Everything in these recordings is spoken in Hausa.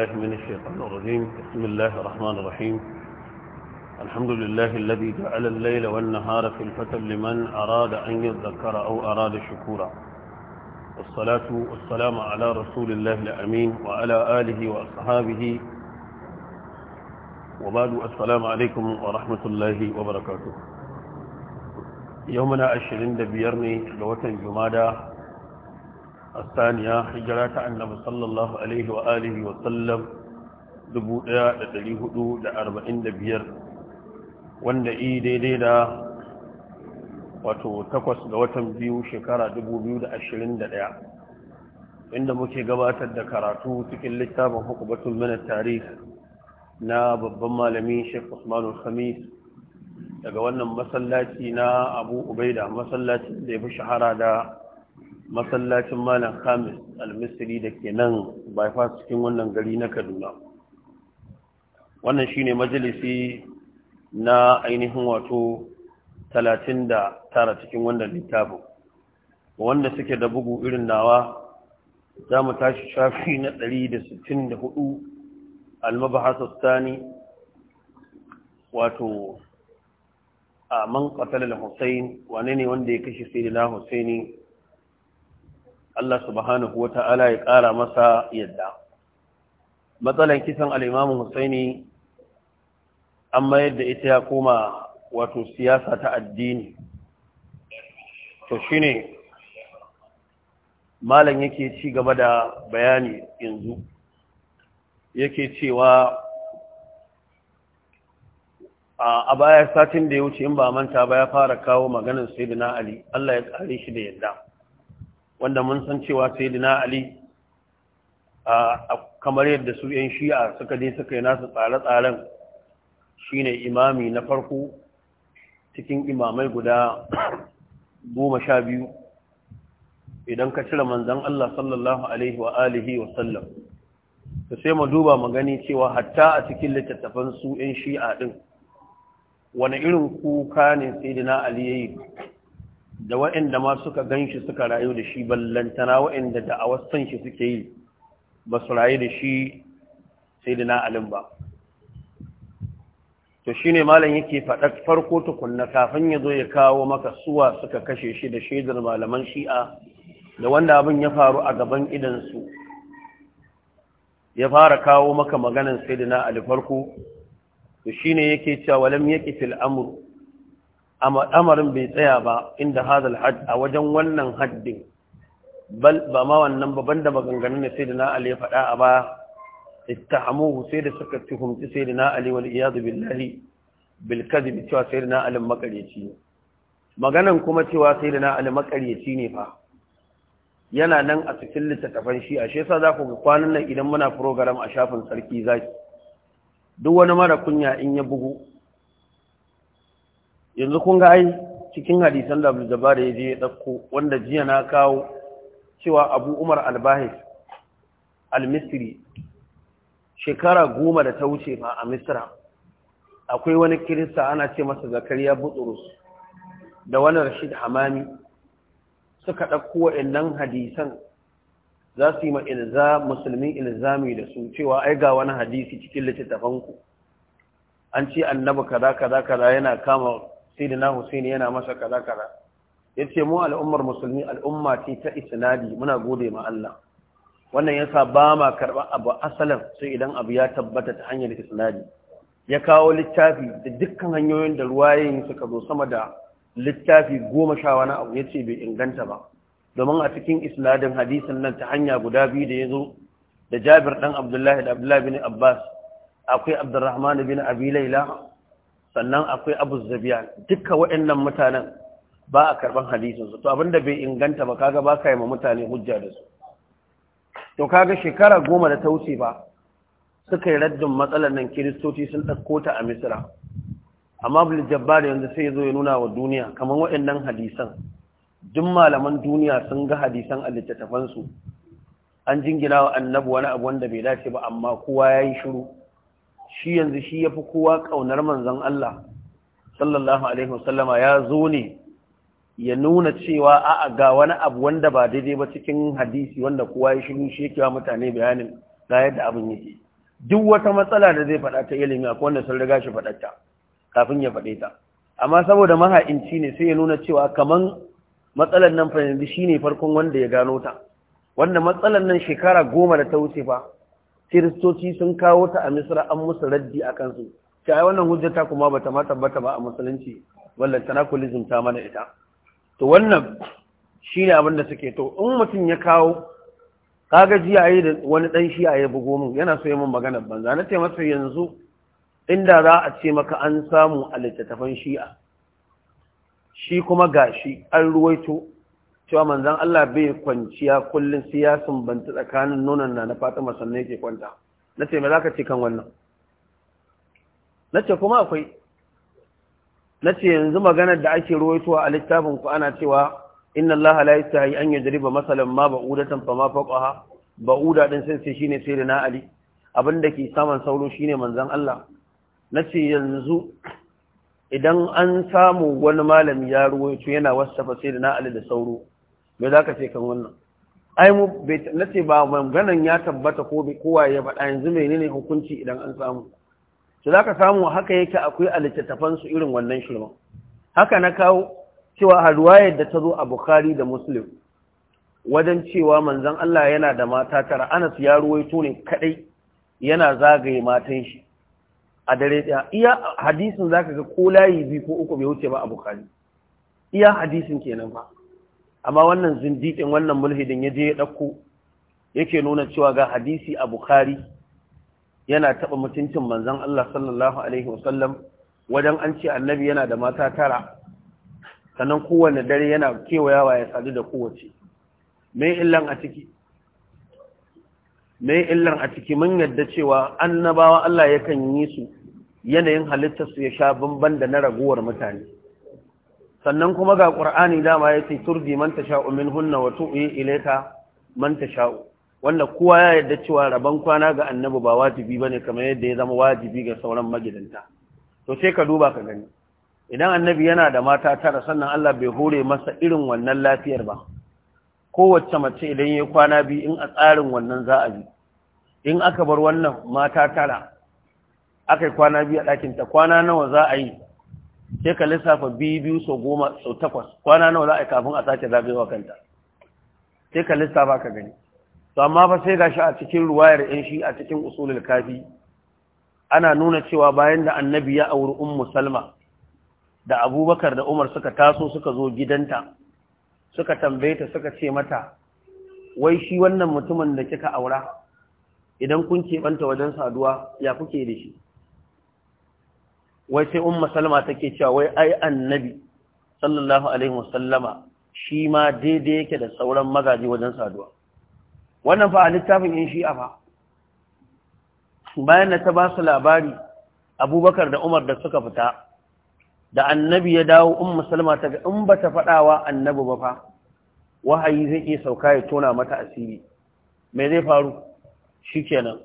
الله من الشيطان الرجيم بسم الله الرحمن الرحيم الحمد لله الذي جعل الليل والنهار في الفتن لمن أراد أن يذكر أو أراد شكورا والصلاة والسلام على رسول الله الأمين وعلى آله وأصحابه وبعد السلام عليكم ورحمة الله وبركاته يومنا أشرين دبيرني لوتن جمادة الثانية حجرة النبي صلى الله عليه وآله وسلم دبوئة لتليهدو لأربعين دبير wanda i daidai da wato takwas ga watan biyu shekara ɗaya, inda muke gabatar da karatu cikin littafin hukubatun mana tarih na babban malami Sheikh Usman Khamis daga wannan masallaci na Abu Ubaida masallacin da ya shahara da masallacin malam khamis almisiri da ke nan bypass cikin wannan gari na kaduna wannan shi ne majalisi na ainihin wato 39 cikin wannan littafin wanda suke da bugu irin nawa za mu tashi shafi na 164 almabahasa tsani wato a man ƙasar al-hussein wane ne wanda ya kashe sai da Allah subhanahu wa ta'ala ya ƙara masa yadda. Matsalan kisan al'imamun Husaini an mayar da ita ya koma wato siyasa ta addini. To shi ne, Malam yake ci gaba da bayani yanzu, yake cewa a baya satin da ya wuce in ba manta ba ya fara kawo maganin Sayyidina Ali, Allah ya ƙare shi da yadda. wanda mun san cewa sayyidina ali kamar yadda su yan shi'a suka je suka yi nasu tsare-tsaren shine imami na farko cikin imamai guda goma sha biyu idan ka cire manzan Allah sallallahu alaihi wa alihi wa sallam to sai mu duba mu gani cewa hatta a cikin littattafan su yan shi'a din wani irin kuka ne sayyidina ali yayi da waɗanda ma suka gan shi suka rayu da shi ballantana waɗanda da a wasan shi suke yi ba su rayu da shi sai da na'alin ba to shi ne malam yake faɗar farko tukunna kafin ya zo ya kawo maka suwa suka kashe shi da shaidar malaman shi'a da wanda abin ya faru a gaban idansu ya fara kawo maka maganan sai da na'ali farko to shi ne yake cewa walam yake fil amru. amarin bai tsaya ba inda hadal had a wajen wannan haddin bal ba ma wannan ba banda maganganun sai da na ali ya faɗa a ba ittahamuhu sai da suka tuhumci sai da na ali wal iyadu billahi bil kadhib cewa sai da na ali makaryaci ne maganan kuma cewa sai da na ali makaryaci ne fa yana nan a cikin littattafan shi a shi za ku ga kwanan nan idan muna program a shafin sarki zaki duk wani mara kunya in ya bugu yanzu kun ga ai cikin hadisan da Abu Jabbar ya je ya dauko wanda jiya na kawo cewa Abu Umar Al-Bahis Al-Misri shekara goma da ta wuce ma a Misra akwai wani kirista ana ce masa Zakariya Buturus da wani Rashid Hamami suka dauko wa'annan hadisan za su yi ma ilza musulmin ilzami da su cewa ai ga wani hadisi cikin littattafanku an ce annabi kaza kaza kaza yana kama sayyidina Hussein yana masa kaza kaza yace mu al'ummar musulmi al'umma ce ta isnadi muna gode ma Allah wannan yasa ba ma karba abu asalan sai idan abu ya tabbata ta hanyar isnadi ya kawo littafi da dukkan hanyoyin da ruwayoyin suka zo sama da littafi goma sha wani abu yace bai inganta ba domin a cikin isnadin hadisin nan ta hanya guda biyu da ya zo da Jabir dan Abdullahi da Abdullahi bin Abbas akwai Abdurrahman bin Abi Layla sannan akwai abu zabiya duka waɗannan mutanen ba a karɓar hadisinsu to abinda bai inganta ba kaga ba ka yi ma mutane hujja da su to kaga shekara goma da ta wuce ba suka yi raddin matsalar nan kiristoci sun ɗauko ta a misira amma bil jabbar yanzu sai ya zo ya nuna wa duniya kamar waɗannan hadisan duk malaman duniya sun ga hadisan a littattafansu an jingina wa annabi wani abu wanda bai dace ba amma kowa ya yi shiru shi yanzu shi ya fi kowa ƙaunar manzan Allah sallallahu alaihi wasallama ya zo ne ya nuna cewa a'a ga wani abu wanda ba daidai ba cikin hadisi wanda kowa ya shiru shi yake wa mutane bayanin ga yadda abin yake duk wata matsala da zai faɗa ta ilimi akwai wanda sun riga shi faɗa ta kafin ya faɗe ta amma saboda maha'inci ne sai ya nuna cewa kaman matsalar nan fa yanzu shine farkon wanda ya gano ta wanda matsalar nan shekara goma da ta wuce fa kiristoci sun kawo ta a misra an musu raddi a kansu ta yi wannan hujjata kuma ba ta ma tabbata ba a musulunci wallan ta mana ita to wannan shi ne abin suke to in mutum ya kawo kaga jiyaye da wani dan shi a ya bugo min yana so yi min maganar banza na taimaka yanzu inda za a ce maka an samu a littattafan shi'a shi kuma gashi an ruwaito cewa manzan Allah bai kwanciya kullum sai ya sumbanta tsakanin nonon na na Fatima sannan yake kwanta Na ce me zaka ce kan wannan Na ce kuma akwai Na ce yanzu maganar da ake ruwaitowa a littafin ku ana cewa inna Allah la yastahi an ba masalan ma ba'udatan fama faqaha ba'uda din sai sai shine sai da na Ali abinda ke saman sauro shine manzan Allah Na ce yanzu idan an samu wani malami ya ruwaito yana wasafa sai da na ali da sauro me za ka ce kan wannan ai mu na ce ba maganan ya tabbata ko kowa ya faɗa yanzu menene hukunci idan an samu su za ka samu haka yake akwai a littattafansu irin wannan shirman haka na kawo cewa haruwayar da ta zo a Bukhari da Muslim wajen cewa manzon Allah yana da mata tara Anas ya ruwaito ne kadai yana zagaye matan shi a dare ɗaya iya hadisin zaka ga ko layi biyu ko uku bai wuce ba a Bukhari iya hadisin kenan ba amma wannan zindiƙin wannan mulhidin ya je ya ɗauko yake nuna cewa ga hadisi a Bukhari yana taɓa mutuncin manzon Allah sallallahu alaihi wasallam wajen an ce annabi yana da mata tara sannan kowanne dare yana kewayawa ya sadu da kowace me illan a ciki mun yadda cewa annabawa Allah yakan yi su yanayin su ya sha bamban da na raguwar mutane sannan kuma ga ƙur'ani dama ya ce turdi man ta sha'u min hunna wa tu'i ilaika man ta sha'u wanda kowa ya yarda cewa rabon kwana ga annabi ba wajibi bane kamar yadda ya zama wajibi ga sauran magidanta to sai ka duba ka gani idan annabi yana da mata tara sannan Allah bai hore masa irin wannan lafiyar ba kowace mace idan ya kwana biyu in a tsarin wannan za a bi in aka bar wannan mata tara aka yi kwana biyu a ɗakinta kwana nawa za a yi sai ka lissafa biyu biyu sau goma sau takwas kwana nawa za a yi kafin a sake zagayewa kanta sai ka lissafa ka gani to amma fa sai gashi a cikin ruwayar yan shi a cikin usulul kafi ana nuna cewa bayan da annabi ya auri ummu salma da abubakar da umar suka taso suka zo gidanta suka tambaye ta suka ce mata wai shi wannan mutumin da kika aura idan kun banta wajen saduwa ya kuke da shi wai sai umma salma take cewa wai ai annabi sallallahu alaihi wasallama shi ma daidai yake da sauran magaji wajen saduwa wannan fa a littafin in shi'a fa bayan na ta ba su labari abubakar da umar da suka fita da annabi ya dawo umma salma ta ga in ba ta faɗawa annabi ba fa wahayi zai iya sauka ya tona mata asiri me zai faru shi kenan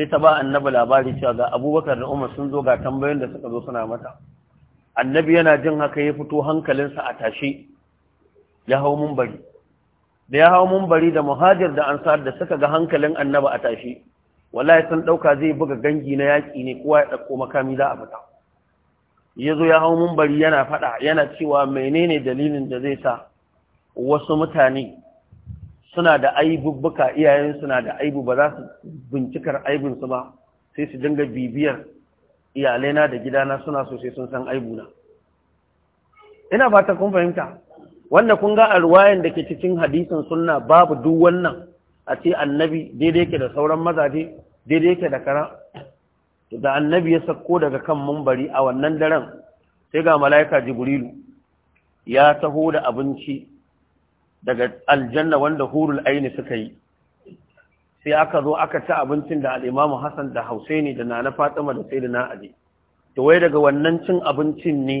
sai ta ba annabi labari cewa ga abubakar da umar sun zo ga tambayoyin da suka zo suna mata annabi yana jin haka ya fito hankalinsa a tashe ya hau mumbari da ya hau mumbari da muhajir da ansar da suka ga hankalin annabi a tashe wallahi sun dauka zai buga gangi na yaki ne kowa ya dauko makami za a fita yazo ya hau mumbari yana fada yana cewa menene dalilin da zai sa wasu mutane suna da aibubbuka iyayen suna da aibu ba za su bincikar aibinsu ba sai su dinga bibiyar iyalaina da gidana suna so sai sun san aibuna ina fata kun fahimta wanda kun ga alwayan da ke cikin hadisin sunna babu duk wannan a ce annabi daidai yake da sauran mazaje daidai yake da kara da annabi ya sako daga kan mambari a wannan daren sai ga mala'ika jibrilu ya taho da abinci daga aljanna wanda hurul aini suka yi sai aka zo aka ci abincin da al'imamu hassan da hausaini da nana fatima da sai da na ali to wai daga wannan cin abincin ne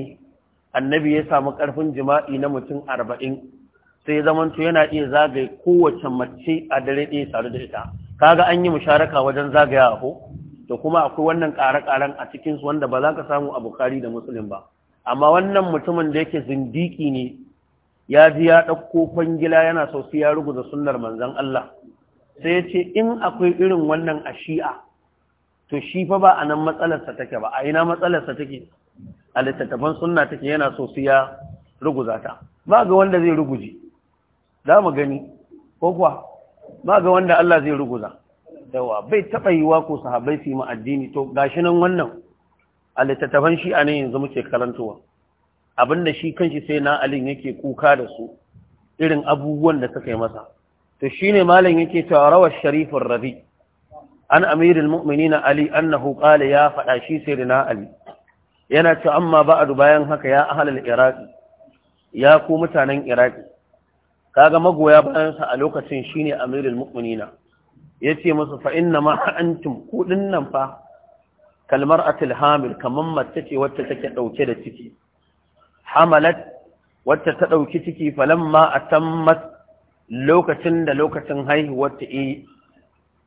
annabi ya samu karfin jima'i na mutum arba'in sai ya zamanto yana iya zagaye kowace mace a dare ɗaya tare da ita kaga an yi musharaka wajen zagaya ko da kuma akwai wannan ƙare-ƙaren a cikinsu wanda ba za ka samu a bukari da musulun ba amma wannan mutumin da yake zindiki ne ya ji ya ɗauko kwangila yana so sai ya ruguza sunnar manzon Allah sai ya ce in akwai irin wannan a shi'a to shi fa ba a nan matsalarsa take ba a ina matsalarsa take a littattafan sunna take yana so sai ya ruguza ta ba ga wanda zai ruguji za mu gani ko kuwa ba ga wanda Allah zai ruguza dawa bai taɓa yiwa ko sahabbai su yi ma'addini to gashi nan wannan a littattafan shi'a ne yanzu muke karantowa Abin da shi kanshi sai na alin yake kuka da su irin abubuwan da suka yi masa to shine malam yake cewa rawar sharifin rabi an amirul na ali annahu qala ya faɗa shi sai na ali yana cewa amma ba'adu bayan haka ya ahlal iraqi ya ku mutanen iraqi kaga magoya bayansa a lokacin shine amirul Ya ce musu fa inna ma antum nan fa kalmar atil hamil kamar mace ce wacce take ɗauke da ciki hamalat wacce ta ɗauki ciki falamma a tammas lokacin da lokacin haihuwar ta yi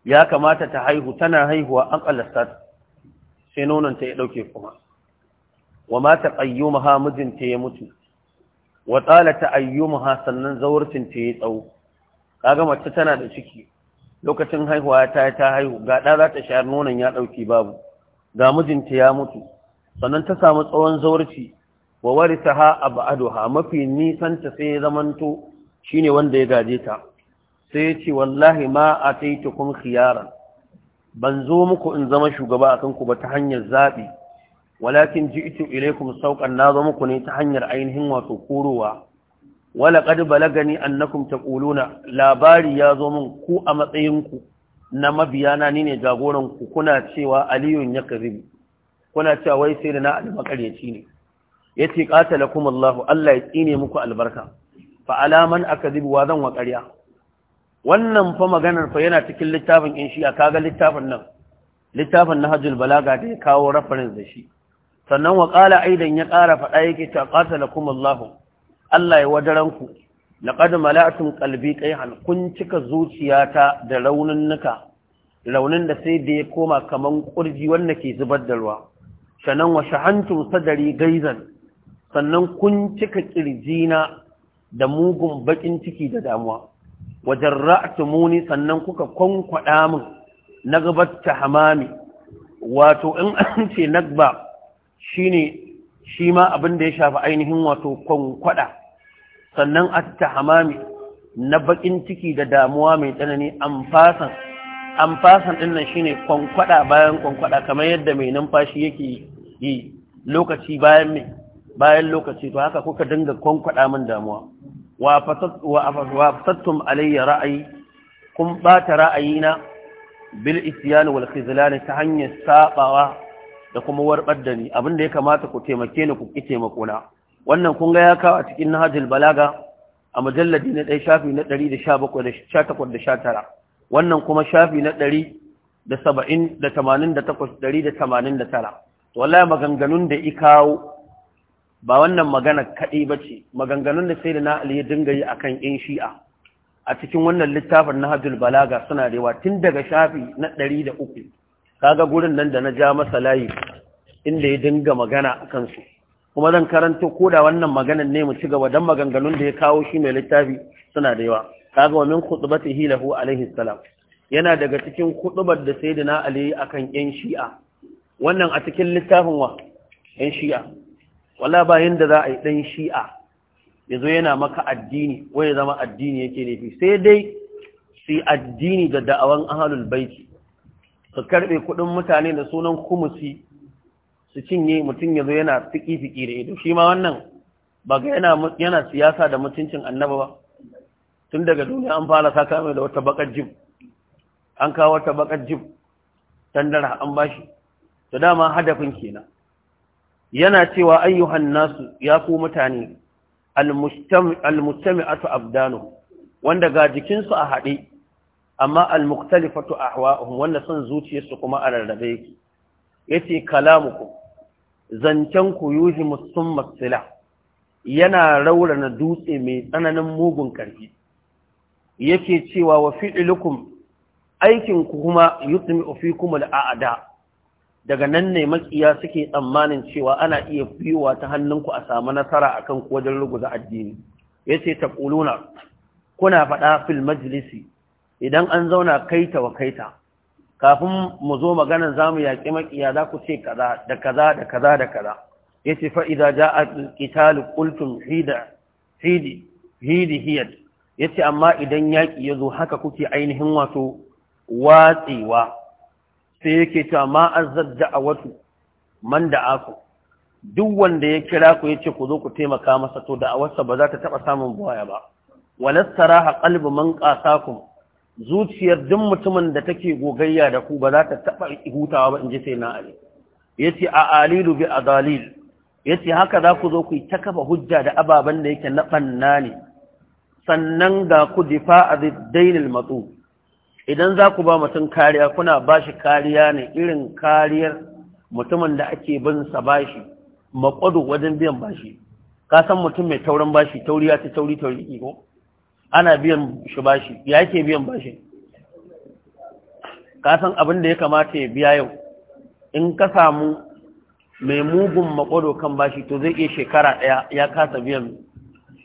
ya kamata ta haihu tana haihuwa an ƙalasta sai nonon ta ya ɗauke kuma wa mata ƙayyumaha mijinta ya mutu wa tsalata ayyumaha sannan zawarcin ta ya tsawo kaga mace tana da ciki lokacin haihuwa ta ta haihu ga ɗa za ta shayar nonon ya ɗauki babu ga mijinta ya mutu sannan ta samu tsawon zawarci wa warithaha ab'aduha mafi nisan ta sai zamanto shine wanda ya gaje ta sai yace wallahi ma ataitukum khiyaran ban zo muku in zama shugaba akan ku ba ta hanyar zaɓi. walakin ji'tu ilaykum sauqan na zo muku ne ta hanyar ainihin wato korowa wala qad balagani annakum taquluna labari ya zo mun ku a matsayin ku na mabiyana ni ne jagoran ku kuna cewa aliyun ya kazibi kuna cewa wai sai da na almakaryaci ne ya ce ƙatalakum Allah Allah ya tsine muku albarka fa alaman akadibu wa zan wa ƙarya wannan fa maganar fa yana cikin littafin in shi a kaga littafin nan littafin nahjul balaga da ya kawo reference da shi sannan wa ƙala aidan ya ƙara faɗa yake ta ƙatalakum Allah Allah ya wadaranku laqad mala'atum qalbi qayhan kun cika zuciyata da raunin nuka raunin da sai da ya koma kaman kurji wanda ke zubar da ruwa sanan wa shahantum sadari gaizan sannan kun cika na da mugun baƙin ciki da damuwa wajen muni sannan kuka kwankwaɗa min na ta hamami wato in an ce nagba shine shi ma abin da ya shafi ainihin wato kwankwaɗa sannan ta hamami na baƙin ciki da damuwa mai tsanani amfasan amfasan ɗin nan shine kwankwaɗa bayan kwankwaɗa kamar yadda mai numfashi yake yi lokaci bayan mai bayan lokaci to haka kuka dinga kwankwada min damuwa wa fatattum alayya ra'ayi kun bata ra'ayina bil isyan wal khizlan ta hanyar sabawa da kuma warbar da ni abinda ya kamata ku taimake ni ku ki taimako na wannan kun ga ya kawo a cikin nahajul balaga a mujalladi na dai shafi na 117 da da 19 wannan kuma shafi na 100 da 70 da 88 da 189 to wallahi maganganun da i kawo ba wannan magana kaɗai ba ce maganganun da sai da na ya dinga yi a kan ƴan shi'a a cikin wannan littafin na hajjul balaga suna da yawa tun daga shafi na ɗari da uku kaga gurin nan da na ja masa layi inda ya dinga magana a kansu kuma zan karanto ko da wannan maganan ne mu ci gaba don maganganun da ya kawo shi mai littafi suna da yawa kaga wa min hila lahu alaihi salam yana daga cikin kutubar da sayyidina ali akan ƴan shi'a wannan a cikin littafin wa ‘yan shi'a wala bayan da za a yi ɗan shi'a ya zo yana maka addini wani zama addini yake nufi sai dai suyi addini da da'awan ahalul baiti su karɓe kuɗin mutane da sunan kumusi su cinye mutum ya zo yana fiki-fiki da ido shi ma wannan ba ga yana siyasa da mutuncin annaba ba tun daga duniya an fara saka mai da wata bakar jim, an kawo wata bakar jib tandara an bashi da dama hadafin kenan yana cewa ayyuhan nasu ya ku mutane almustami'atu abdanu wanda ga jikinsu a haɗe amma almuktalifatu ahwa'uhum wanda son zuciyarsu kuma a rarrabe yake yace kalamukum zancen ku yuhi musumma sila yana raurana dutse mai tsananin mugun karfi yake cewa wa fi'lukum aikin ku kuma yutmi'u fikum al'ada daga nan ne makiya suke tsammanin cewa ana iya biyowa ta hannunku a samu nasara akan ku wajen ruguza addini Ya ce ta ƙuluna kuna faɗa fil majlisi idan an zauna kaita wa kaita kafin mu zo maganar mu yaƙi makiya za ku ce kaza da kaza da kaza da kaza Ya ce idza ja a ƙitali ƙultun hidi hiyar ya yace amma idan yaƙi ya zo, haka kuke ainihin wato watsewa sai yake cewa ma a da'awatu man da'aku duk wanda ya kira ku yace ku zo ku taimaka masa to da da'awarsa ba za ta taba samun buwaya ba saraha qalbu man qasakum zuciyar duk mutumin da take gogayya da ku ba za ta taba hutawa ba inji sai na ali yace a alilu bi adalil yace haka za ku zo ku ta kafa hujja da ababan da yake na fannani sannan ga ku difa'a matsu. dainil matub idan za ku ba mutum kariya kuna ba shi kariya ne irin kariyar mutumin da ake bin sa bashi makwado wajen biyan bashi ka san mutum mai taurin bashi tauriya ta tauri tauri iko ana biyan shi bashi ya ke biyan bashi ka san abin da ya kamata ya biya yau in ka samu mai mugun makwado kan bashi to zai iya shekara ɗaya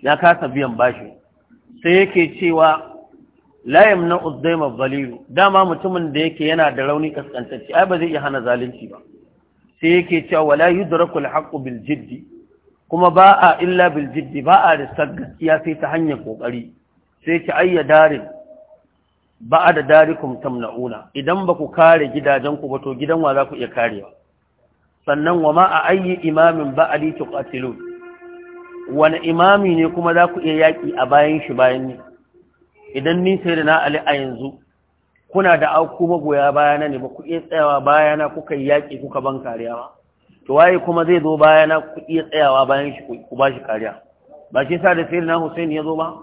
ya kasa biyan bashi sai yake cewa la yamna uzdaima zalilu dama mutumin da yake yana da rauni kaskantacci ai ba zai iya hana zalunci ba sai yake cewa wala yudrakul haqqu bil jiddi kuma ba a illa bil jiddi ba a da gaskiya sai ta hanyar kokari sai ki ayya darin ba a da darikum tamna'una idan ba ku kare gidajen ku ba to gidan wa za ku iya karewa sannan wa ma a ayyi imamin ba ali tuqatilun wani imami ne kuma za ku iya yaki a bayan shi bayan ne idan ni sai da na ali a yanzu kuna da auku magoya bayana ne ba ku iya tsayawa bayana kuka yi yaƙi kuka ban kariya ba to waye kuma zai zo bayana ku iya tsayawa bayan shi ku ba shi kariya ba shi sa da sai na Hussein ya zo ba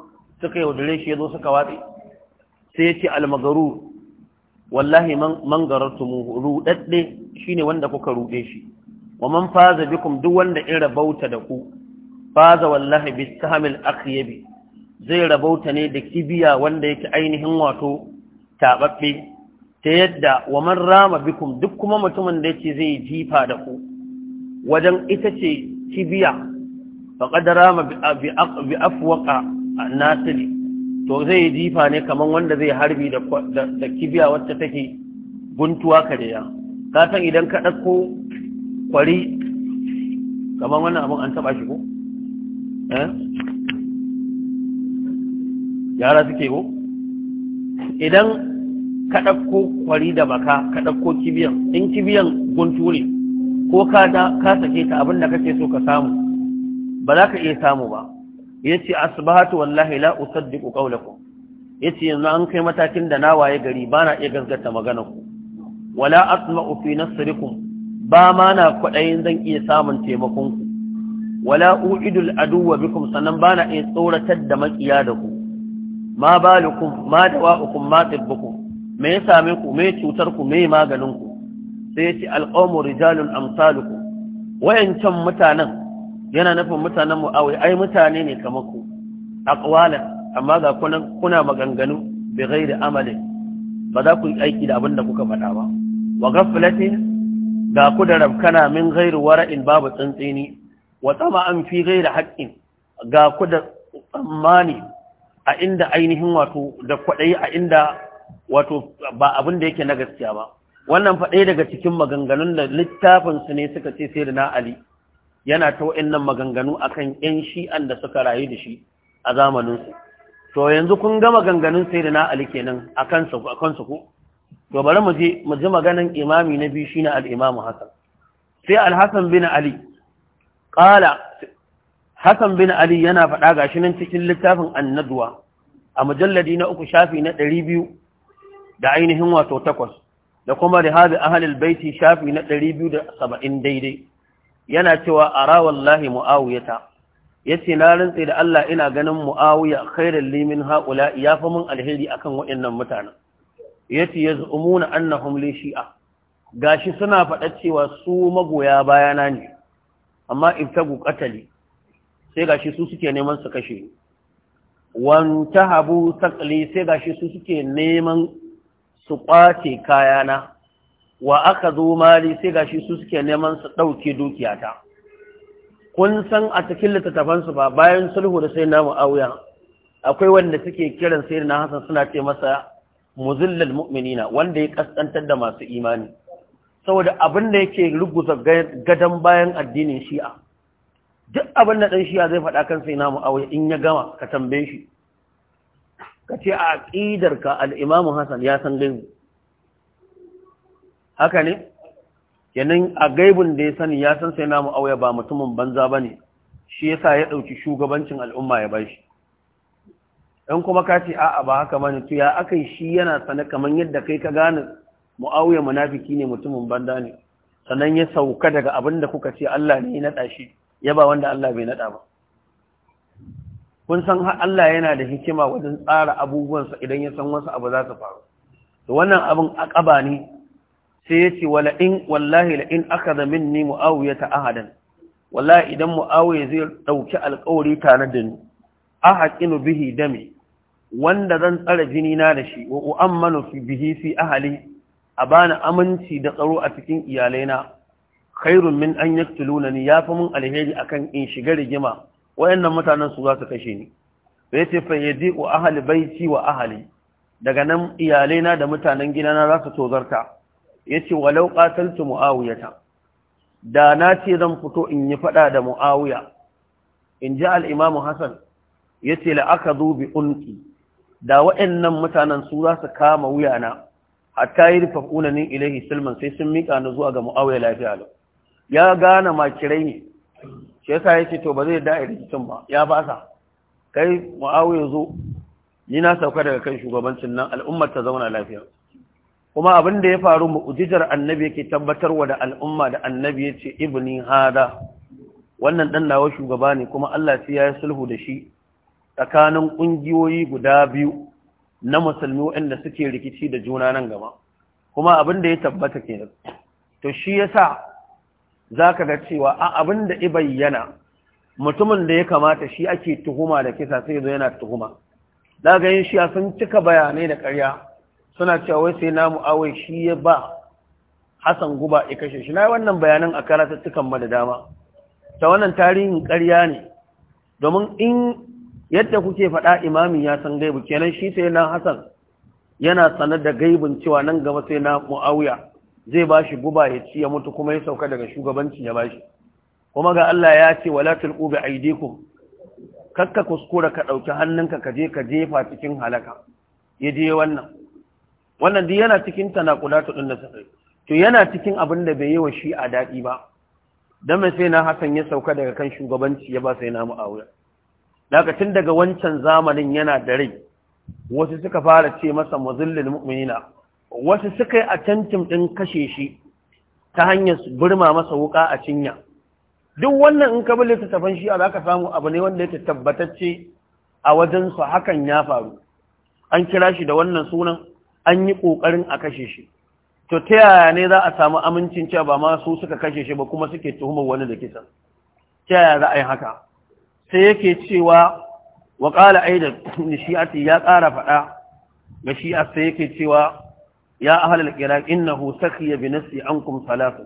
suka wadare shi ya zo suka watsi sai ya ce almagaru wallahi man mu rudadde shine wanda kuka rude shi wa man faza bikum duk wanda in rabauta da ku faza wallahi bistahmil aqyabi zai rabauta ne da kibiya wanda yake ainihin wato taɓaɓɓe ta yadda wa man rama bikum duk kuma mutumin da yake zai jifa da ku wajen ita ce kibiya faƙad rama bi afwaqa nasiri to zai jifa ne kaman wanda zai harbi da kibiya wacce take guntuwa kariya ka san idan ka ɗauko kwari kaman wannan abun an taɓa shi ko? Eh? yara suke ko idan ka ɗauko kwari da baka ka ɗauko kibiyan in kibiyan guntu ko ka sake ta abin da kake so ka samu ba za ka iya samu ba ya ce asibahatu wallahi la usaddiqu qawlakum ya ce yanzu an kai matakin da na waye gari ba na iya gaskata maganar ku wala asma'u fi nasrikum ba ma na kwaɗayin zan iya samun taimakon ku wala u'idul aduwa bikum sannan ba na iya tsoratar da makiya da ku ma balukum ma dawa'ukum ma tibbukum me ya same ku me cutar ku me maganin ku sai yace alqawmu rijalun amsalukum wayancan mutanen yana nufin mutanen awai ai mutane ne kamar ku aqwala amma ga kuna kuna maganganu bi ghairi amali ba za ku yi aiki da abin da kuka faɗa ba wa ghaflatin ga ku da rabkana min ghairi wara'in babu tsantsini wa tama'an fi ghairi haqqin ga ku da tsammani a inda ainihin wato da kwaɗayi a inda wato ba abin da yake na gaskiya ba wannan faɗai daga cikin maganganun da littafinsu ne suka ce sai da na ali yana ta wa'innan maganganu akan yan shi'an da suka rayu da shi a zamaninsu to yanzu kun ga maganganun sai da na ali kenan a kansu ko to bari mu je mu maganan imami na biyu shine al-imamu hasan sai al-hasan bin ali qala Hassan bin Ali yana faɗa ga shi nan cikin littafin annaduwa a mujalladi na uku shafi na ɗari biyu da ainihin wato takwas da kuma da haɗe ahalil baiti shafi na ɗari biyu da saba'in daidai yana cewa a rawallahi mu'awuyata ya ce na rantse da Allah ina ganin mu'awuya khairar limin haƙula ya fi min alheri akan waɗannan mutanen ya ce ya zu'umuna annahum li shi'a gashi suna faɗa cewa su magoya bayana ne amma ibtagu qatali sai shi su suke neman su kashe wanta habu sakali sai shi su suke neman su kwace kayana wa aka zo mali sai shi su suke neman su ɗauke dukiyata kun san a cikin littattafansu ba bayan sulhu da sai namu auya akwai wanda suke kiran sai na hasan suna ce masa muzillal mu'minina wanda ya kaskantar da masu imani saboda abin da yake ruguza gadan bayan addinin shi'a duk abin da ɗan shiya zai faɗa kan sai namu aure in ya gama ka tambaye shi ka ce a ka al'imamu hassan ya san gaibu haka ne yanin a gaibun da ya sani ya san sai namu aure ba mutumin banza ba ne shi ya sa ya ɗauki shugabancin al'umma ya bashi Ɗan kuma ka ce a'a ba haka ba ne to ya aka shi yana sane kamar yadda kai ka gane mu'awiya munafiki ne mutumin banza ne sannan ya sauka daga abin da kuka ce Allah ne ya naɗa shi yaba wanda Allah bai nada ba kun san Allah yana da hikima wajen tsara abubuwansa idan ya san wasu abu za su faru to wannan abin akaba ne sai ya ce wala in wallahi la in akhadha minni muawiyata ahadan wallahi idan muawiya zai ɗauki alƙawari tare da ni ahaqinu bihi dami wanda zan tsara jini na da shi wa u'ammanu fi bihi fi ahli a bani aminci da tsaro a cikin iyalaina khairun min an yaktulunani yafi mun alheri akan in shiga rigima wayannan mutanen su za su kashe ni sai yace fa wa ahli baiti wa ahli daga nan iyalaina da mutanen gidana za su tozarta yace walau qataltu muawiyata da na ce zan fito in yi fada da muawiya in ji al-imamu hasan yace la akadu bi unqi da wayannan mutanen su za su kama wuyana hatta yirfa rufa'una ilahi sulman sai sun mika ni zuwa ga muawiya lafiya lau ya gane makirai ne shi yasa yake to ba zai da rikicin ba ya fasa kai mu'awiya zo ni na sauka daga kan shugabancin nan al'ummar ta zauna lafiya kuma abin da ya faru mu'jijar annabi yake wa da al'umma da annabi ce ibni hada wannan dan nawa shugaba ne kuma Allah sai ya yi sulhu da shi tsakanin ƙungiyoyi guda biyu na musulmi waɗanda suke rikici da juna nan gaba kuma abin da ya tabbata kenan to shi yasa za ka ga cewa a abin da i bayyana mutumin da ya kamata shi ake tuhuma da kisa sai zo yana tuhuma za ga yin shiya sun cika bayanai da karya suna cewa wai sai namu awai shi ya ba hassan guba ya kashe shi na wannan bayanan a karatattukan ma da dama ta wannan tarihin karya ne domin in yadda kuke faɗa imamin ya san gaibu kenan shi sai na hassan yana sanar da gaibin cewa nan gaba sai na mu'awiya zai ba shi guba ya ci ya mutu kuma ya sauka daga shugabanci ya ba shi kuma ga Allah ya ce wala tulqu bi aidikum kakka kuskura ka dauki hannunka ka je ka jefa cikin halaka ya je wannan wannan din yana cikin tanakudatu din da sai to yana cikin abinda bai yi wa shi a dadi ba dan mai sai na Hassan ya sauka daga kan shugabanci ya ba sai na Muawiya daga tun daga wancan zamanin yana da rai wasu suka fara ce masa muzillil mu'minina wasu suka yi a tantim ɗin kashe shi ta hanyar burma masa wuka a cinya duk wannan in ka bi littattafan shi za ka samu abu ne wanda yake tabbatacce a wajensu hakan ya faru an kira shi da wannan sunan an yi ƙoƙarin a kashe shi to ta yaya ne za a samu amincin cewa ba ma su suka kashe shi ba kuma suke tuhumar wani da kisan ta yaya za a yi haka sai yake cewa wa ƙala aida shi'ati ya ƙara faɗa ga shi'a sai yake cewa ya ahlal iraq innahu ya bi nafsi ankum salatu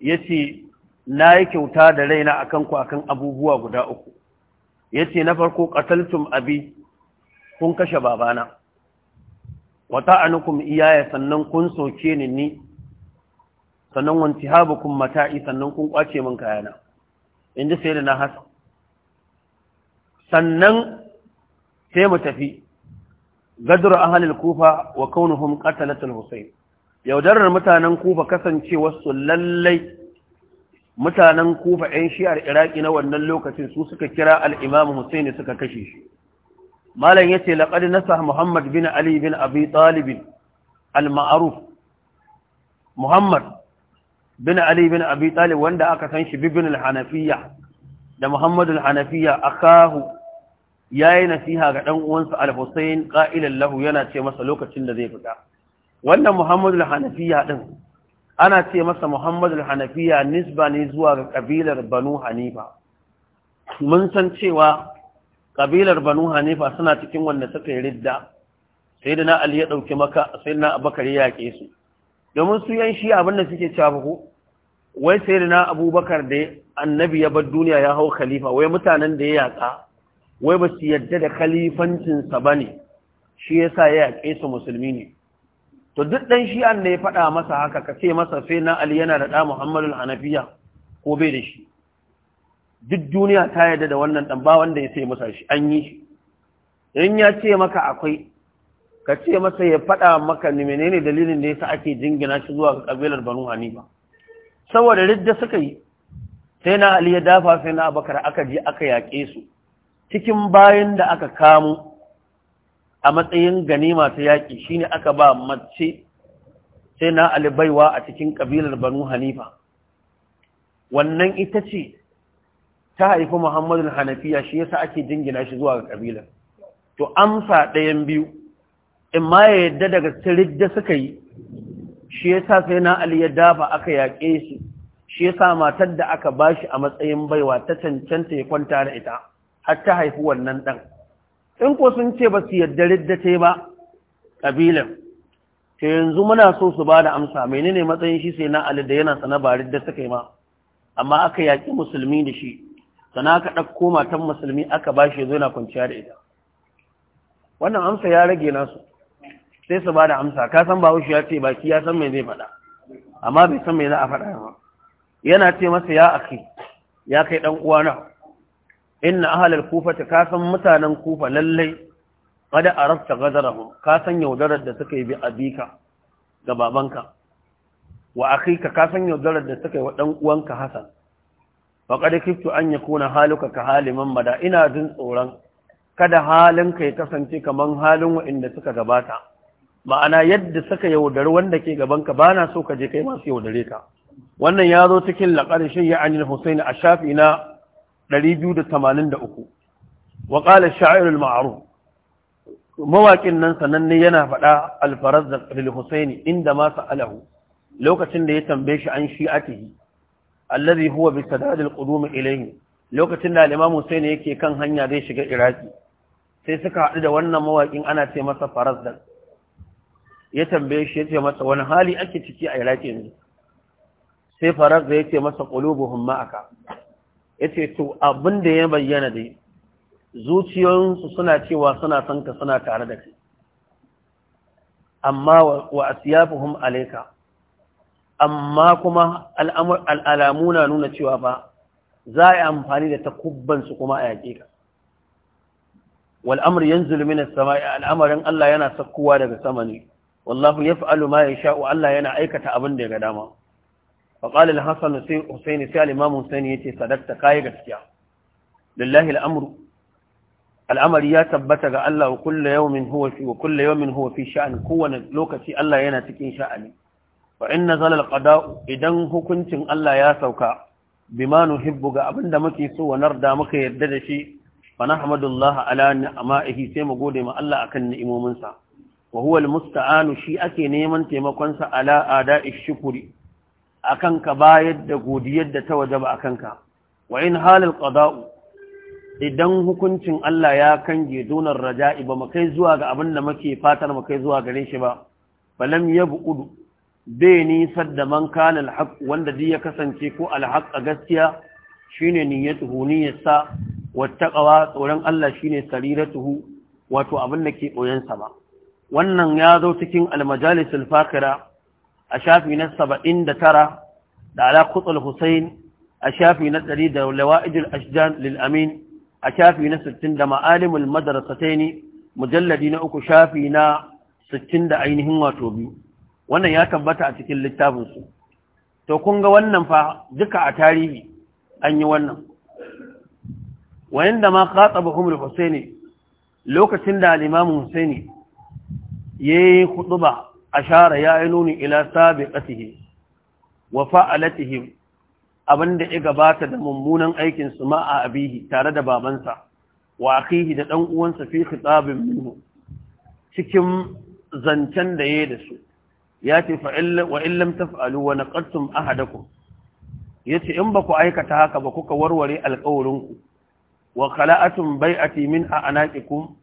yace na yi kyauta da raina akan ku akan abubuwa guda uku yace na farko qataltum abi kun kashe babana wa anukum iyaye sannan kun soke ni ni sannan kun mata'i sannan kun kwace min kayana ji sai da na hasa sannan sai mu tafi gadar ahalil kufa wa kaunuhum katalatul husayn yaudarar mutanen kufa kasance wasu lallai mutanen kufa 'yan shi'ar iraki na wannan lokacin su suka kira al'imam Hussein suka kashe shi malam ya ce laƙari nasa muhammad bin ali bin abi talibin al-ma'aruf muhammad bin ali bin abi talib wanda aka san shi bibin al-hanafiya da Muhammadu al-hanafiya akahu Ya yi nasiha ga ɗan uwansa al-Husayn lahu yana ce masa lokacin da zai fita wannan Muhammadu al-Hanafiya ɗin, ana ce masa Muhammadu al-Hanafiya nisba ne zuwa ga kabilar Banu Hanifa mun san cewa kabilar Banu Hanifa suna cikin wanda suka yi ridda Sai da na Ali ya ɗauki maka sai na Abubakar ya yake su domin su yan shi abin da suke cewa ko wai na Abubakar da annabi ya bar duniya ya hau khalifa wai mutanen da ya yaƙa, wai ba su yadda da khalifancinsa ba ne shi ya sa ya yaƙe su musulmi ne to duk ɗan shi'an da ya faɗa masa haka ka ce masa sai na ali yana da ɗa muhammadu hanafiya ko bai da shi duk duniya ta yadda da wannan ɗan ba wanda ya ce masa shi an yi shi in ya ce maka akwai ka ce masa ya faɗa maka ne menene dalilin da yasa ake jingina shi zuwa ga kabilar Banu Hanifa saboda ridda suka yi sai na Ali ya dafa sai na Abakar aka je aka yaƙe su cikin bayan da aka kamo a matsayin gani masu yaƙi shine aka ba mace sai na alibaiwa a cikin ƙabilar banu hanifa wannan ita ce ta haifi muhammadu hanafiya shi yasa ake jingina shi zuwa ga ƙabilar to amsa ɗayan biyu in ma ya yadda daga sirid da suka yi shi yasa sai na ali ya dafa aka yaƙe shi shi yasa matar da aka bashi a matsayin baiwa ta cancanta ya kwanta da ita A ta haifi wannan ɗan in ko sun ce ba su yadda riddace ba ƙabilan to yanzu muna so su ba da amsa mene ne matsayin shi sai na ali da yana sana ba ridda kai ma amma aka yaƙi musulmi da shi sana aka matan musulmi aka ba shi zo kwanciya da ita wannan amsa ya rage nasu sai su ba da amsa ka san bahaushe ya ce baki ya san me zai faɗa amma bai san me za a faɗa ba yana ce masa ya aki ya kai ɗan uwana inna ahalar kufa ta kasan mutanen kufa lallai kada arafta gadarahum ka kasan yaudarar da suka yi bi abika ga babanka wa akhika ka kasan yaudarar da suka yi wa dan uwanka hasan wa kada kiftu an yakuna haluka ka haliman mada ina jin tsoron kada halinka ya kasance kaman halin wa'inda suka gabata ma'ana yadda suka yaudari wanda ke gabanka ba na so ka je kai masu yaudare ka wannan ya zo cikin laƙar shirya anil husaini a shafi na 283 wa qala sha'irul ma'ruf mawaƙin nan sananne yana faɗa alfarazzaq lil husaini inda ma sa'alahu lokacin da ya tambaye shi an shi atihi, allazi huwa bi sadad al qudum ilayhi lokacin da al-imam husaini yake kan hanya zai shiga iraki sai suka haɗu da wannan mawaƙin ana ce masa farazzaq ya tambaye shi yace masa wani hali ake ciki a iraki yanzu sai faraz yace masa qulubuhum ma'aka yace to abin da ya bayyana dai zuciyoyinsu suna cewa suna son ka suna tare da kai amma wa asyafuhum alayka amma kuma al'alamu na nuna cewa ba za a yi amfani da takubbansu kuma a yaƙe ka wal'amur yanzu luminar sama al'amarin Allah yana sakkowa daga sama ne wallahu ya fa'alu ma ya sha'u Allah yana aikata abin da ya ga dama فقال الحسن حسين sai امام حسين يتي صدقت كاي غسكيا لله الامر الامر يا ثبت ga Allah كل يوم هو في وكل يوم هو في شان yana cikin sha'ani wa in nazala alqada idan hukuncin Allah ya sauka bima nuhibbu ga abinda muke so wa narda muka yarda da shi fa nahmadullah ala ni'amahi sai mu gode ma Allah kan ni'imominsa wa huwa almusta'anu shi ake neman taimakon sa ala ada'i shukuri akan ka bayar da godiyar da ta wajaba akan ka wa in halin qada'u idan hukuncin Allah ya kange donar raja'i ba makai zuwa ga abin da muke fatar makai zuwa gare shi ba falam yab'ud bai nisar da man kana alhaq wanda ya kasance ko a gaskiya shine niyyatuhu niyyarsa tsoron Allah shine sariratuhu wato abin da ke koyan sa ba wannan ya zo cikin almajalisul fakira a shafi na saba'in da tara da ala kutsal Hussein a shafi na ɗari da lawa'idul ashjan lil amin a shafi na sittin da ma'alimul madarasataini mujalladi na uku shafi na sittin da ainihin wato biyu wannan ya tabbata a cikin littafinsu to kun ga wannan fa duka a tarihi an yi wannan wayan da ma katsa buhumul husaini lokacin da alimamin husaini ya yi hudu ba ashara ya yi nuni ila ƙasihi wa fa’alatihi abinda ya gabata da mummunan aikin su ma'a abihi tare da babansa wa akihi da ɗan'uwansa uwansa fi tsabin minhu cikin zancen da yi da su ya ce wa illam fa’alu wa naqadtum Ya ce in ba ku aikata haka ba kuka warware alƙawarinku wa khala'atun bai'ati a a'naqikum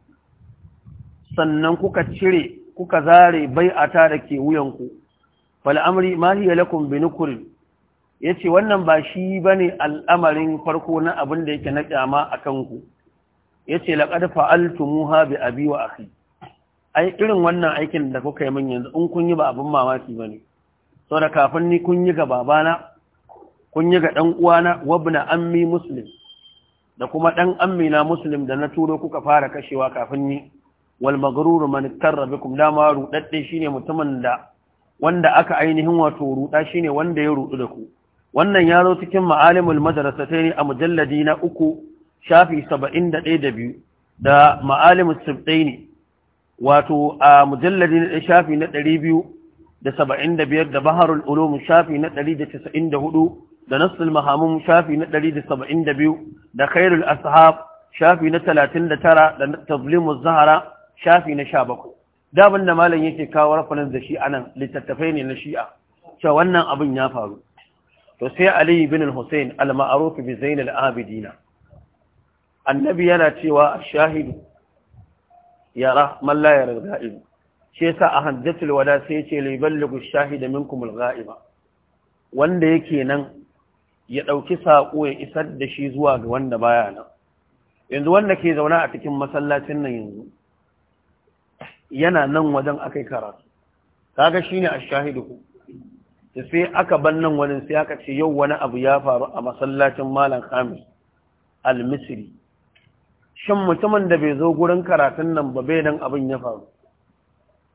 sannan kuka cire kuka zare bai a da ke wuyanku fal'amri ma hiya lakum Ya ce wannan ba shi ba ne al'amarin farko na abin da yake na kyama akan ku yace laqad ha bi abi wa akhi ai irin wannan aikin da kuka yi min yanzu in kun yi ba abin mamaki ba ne. Sau da kafin ni kun yi ga babana kun yi ga ɗan'uwana, uwana wabna da kuma ɗan ammi muslim da na turo kuka fara kashewa kafin ni wal maghrur man karra bikum dama rudadde shine mutumin da wanda aka ainihin wato ruda shine wanda ya rudu da ku wannan ya zo cikin ma'alimul madrasatain a mujalladi na uku shafi 71 da biyu da ma'alimus sibtaini wato a mujalladi na shafi na 275 da baharul ulum shafi na 194 da nassul mahamun shafi na 172 da khairul ashab shafi na 39 da tazlimuz zahara shafi na sha bakwai daban da malam yake kawo rafanin da shi a nan littattafai ne na shi'a cewa wannan abin ya faru to sai ali bin al-husayn al-ma'ruf bi zain al-abidin annabi yana cewa a shahidu yara man la yara al-ghaib shi yasa a hajjatul wada sai yace li ballighu ash-shahida minkum al-ghaiba wanda yake nan ya ɗauki sako ya isar da shi zuwa ga wanda baya nan yanzu wanda ke zauna a cikin masallacin nan yanzu yana nan wajen akai karatu kaga shine ashahidu da sai aka ban nan wajen sai aka ce yau wani abu ya faru a masallacin malam Khamis al-Misri shin mutumin da bai zo gurin karatun nan ba bai dan abin ya faru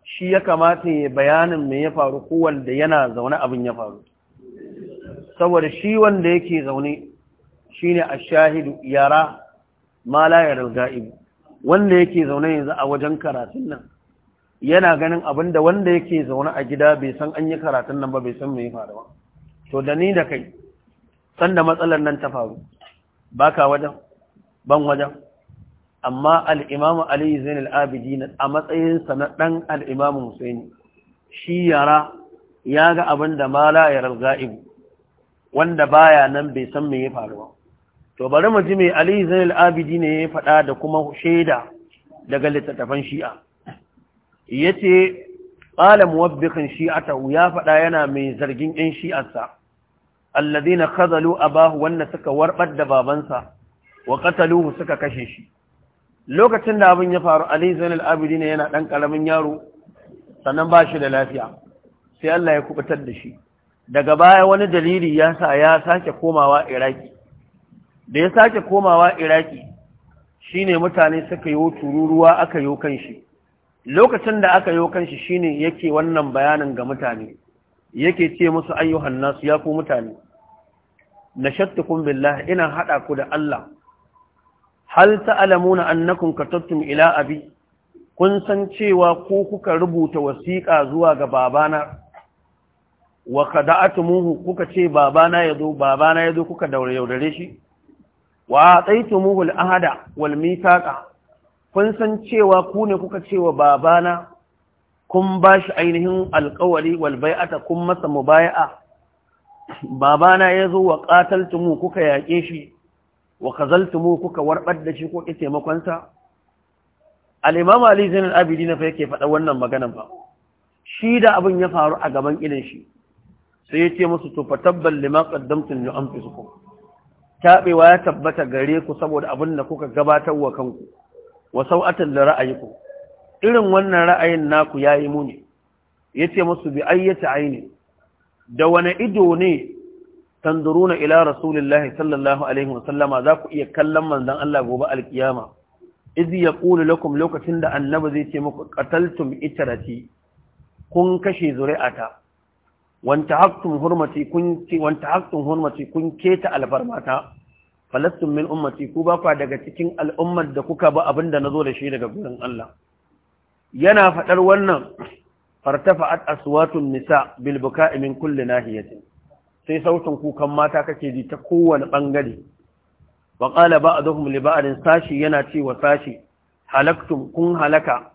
shi ya kamata ya bayanin me ya faru ko wanda yana zaune abin ya faru saboda shi wanda yake zaune shine ashahidu yara ma la yarda wanda yake zaune yanzu a wajen karatun nan yana ganin abin da wanda yake zaune a gida bai san an yi karatun nan ba bai san mai faru ba to da ni da kai sanda matsalar nan ta faru baka wajen ban wajen amma al'imamu aliyu zain al'abidi a matsayinsa na ɗan al'imamu musaini shi yara ya ga abin da mala ya ralga'ibu wanda baya nan bai san mai faru ba to bari mu ji mai aliyu zain al'abidi ne ya faɗa da kuma shaida daga littattafan shi'a ya ce ƙala muwabbikin shi'atahu ya faɗa yana mai zargin ‘yan shi'arsa alladina kazalu abahu wanda suka warɓar da babansa wa kataluhu suka kashe shi lokacin da abin ya faru ali zainal abidi ne yana ɗan ƙaramin yaro sannan ba shi da lafiya sai Allah ya kubutar da shi daga baya wani dalili ya sa ya sake komawa iraki da ya sake komawa iraki shine mutane suka yi tururuwa aka yi kan shi lokacin da aka yi kanshi shine yake wannan bayanin ga mutane yake ce musu ayyuhan nasu ya ku mutane nashattukum billah ina haɗa ku da Allah hal na annakum katattum ila abi kun san cewa ko kuka rubuta wasiƙa zuwa ga babana wa tumuhu kuka ce babana yazo babana yazo kuka daure yaudare shi wa ataitumuhu al-ahada wal mithaqa kun san cewa ku ne kuka cewa babana kun ba shi ainihin alkawari walbai'ata kun masa mubaya'a babana ya zo wa mu kuka yaƙe shi wa kazaltumu kuka warɓar da shi ko ƙi taimakonsa al'imama ali zain abidi na fa yake faɗa wannan maganan ba shi da abin ya faru a gaban ilin shi sai ya ce musu to tabbal lima qaddamtum li ku. tabewa ya tabbata gare ku saboda abin da kuka gabatar wa kanku wa sau'atan da ra'ayiku irin wannan ra'ayin naku yayi muni yace musu bi ayyata aini da wani ido ne tanduruna ila rasulillahi sallallahu alaihi wasallama za ku iya kallon manzon Allah gobe alkiyama izi yaqulu lakum lokacin da annabi zai ce muku qataltum itrati kun kashe zuri'ata wanta haqqum hurmati kun wanta haqqum hurmati kun keta alfarmata falastun min ummati ku ba daga cikin al'ummar da kuka ba abin da na zo da shi daga gurin Allah yana faɗar wannan fartafa'at aswatun nisa bil imin kulle kulli nahiyatin sai sautin kukan mata kake ji ta kowane bangare wa a ba'dhum li ba'din sashi yana cewa sashi halaktum kun halaka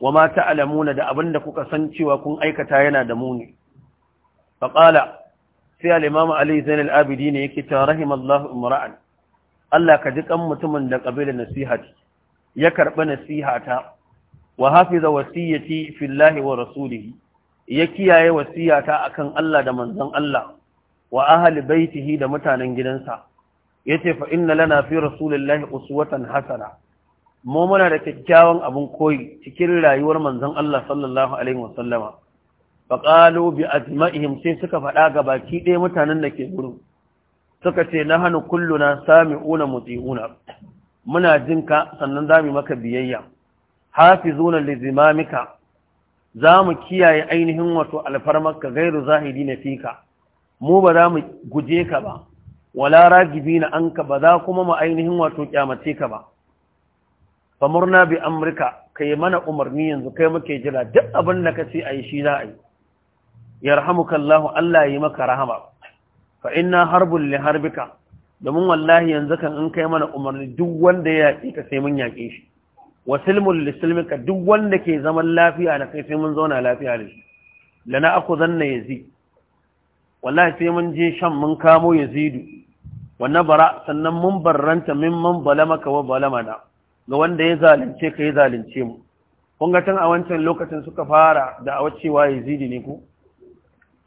wa mata alamuna, da abin da kuka san cewa kun aikata yana da muni Baƙala sai al ali zainal abidi ne yake ta rahimallahu imra'an Allah ka ji kan mutumin da nasiha nasihati ya karɓi nasihata wa hafiza wasiyyati fillahi wa rasulihi ya kiyaye wasiyata kan Allah da manzon Allah wa ahali baitihi da mutanen gidansa Ya ce fa inna lana fi rasulillahi watan hasana mu muna da kyakkyawan abin koyi cikin rayuwar manzon Allah sallallahu alaihi wasallama faqalu bi ajma'ihim sai suka faɗa ga baki ɗaya mutanen da ke gurin suka ce na hannu kulluna sami'una muti'una muna jinka sannan za mu maka biyayya hafizuna lizimamika za mu kiyaye ainihin wato alfarmarka gairu zahidi na fika mu ba za mu guje ka ba wala ragibi na anka ba za kuma mu ainihin wato kyamace ka ba famurna bi amurka ka yi mana umarni yanzu kai muke jira duk abin da ka ce a yi shi za a yi yarhamukallahu allah ya yi maka rahama fa inna harbul li harbika domin wallahi yanzu kan in kai mana umarni duk wanda ya yaƙi ka sai mun yaƙe shi wa silmul li duk wanda ke zaman lafiya da kai sai mun zauna lafiya da shi lana zanna yazi, wallahi sai mun je shan mun kamo yazidu wannan bara sannan mun barranta mimman balamaka wa balamana ga wanda ya zalunce ka ya zalunce mu kun ga tun a wancan lokacin suka fara da a wacewa yazidi ne ku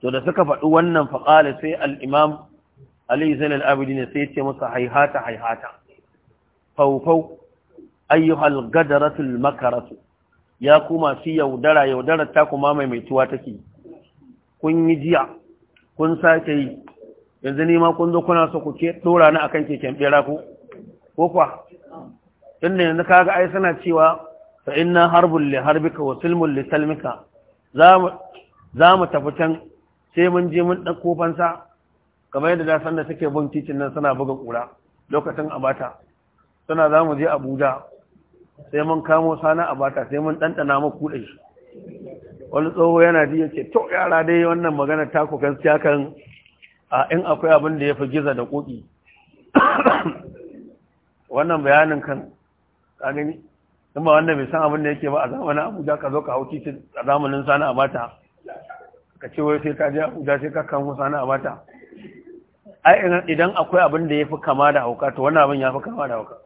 to da suka faɗi wannan faƙala sai al'imam Ali Zainal Abidin sai ce masa haihata haihata faufau ayyuhal gadaratul makaratu ya kuma fi yaudara yaudara ta kuma maimaituwa take kun yi jiya kun sake yi yanzu nima kun zo kuna so ku ke dora ni akan keken bera ku ko kwa tunda yanzu kaga ai suna cewa fa’in na harbin li harbika wa silmin li salmika za mu tafi can sai mun je mun ɗauko fansa kamar yadda dasan da take bin titin nan suna buga ƙura lokacin abata suna za mu je abuja sai mun kamo sana abata sai mun ɗanɗana mu kuɗe shi wani tsoho yana ji yake to yara dai wannan magana ta ku gaskiya kan a in akwai abin da ya fi giza da ƙoƙi wannan bayanin kan ka gani kuma wanda bai san abin da yake ba a zamanin abuja ka zo ka hau titin a zamanin sana abata ka ce wai sai ka je abuja sai ka kamo sani a bata ai idan akwai abin da ya fi kama da hauka to wani abin ya fi kama da hauka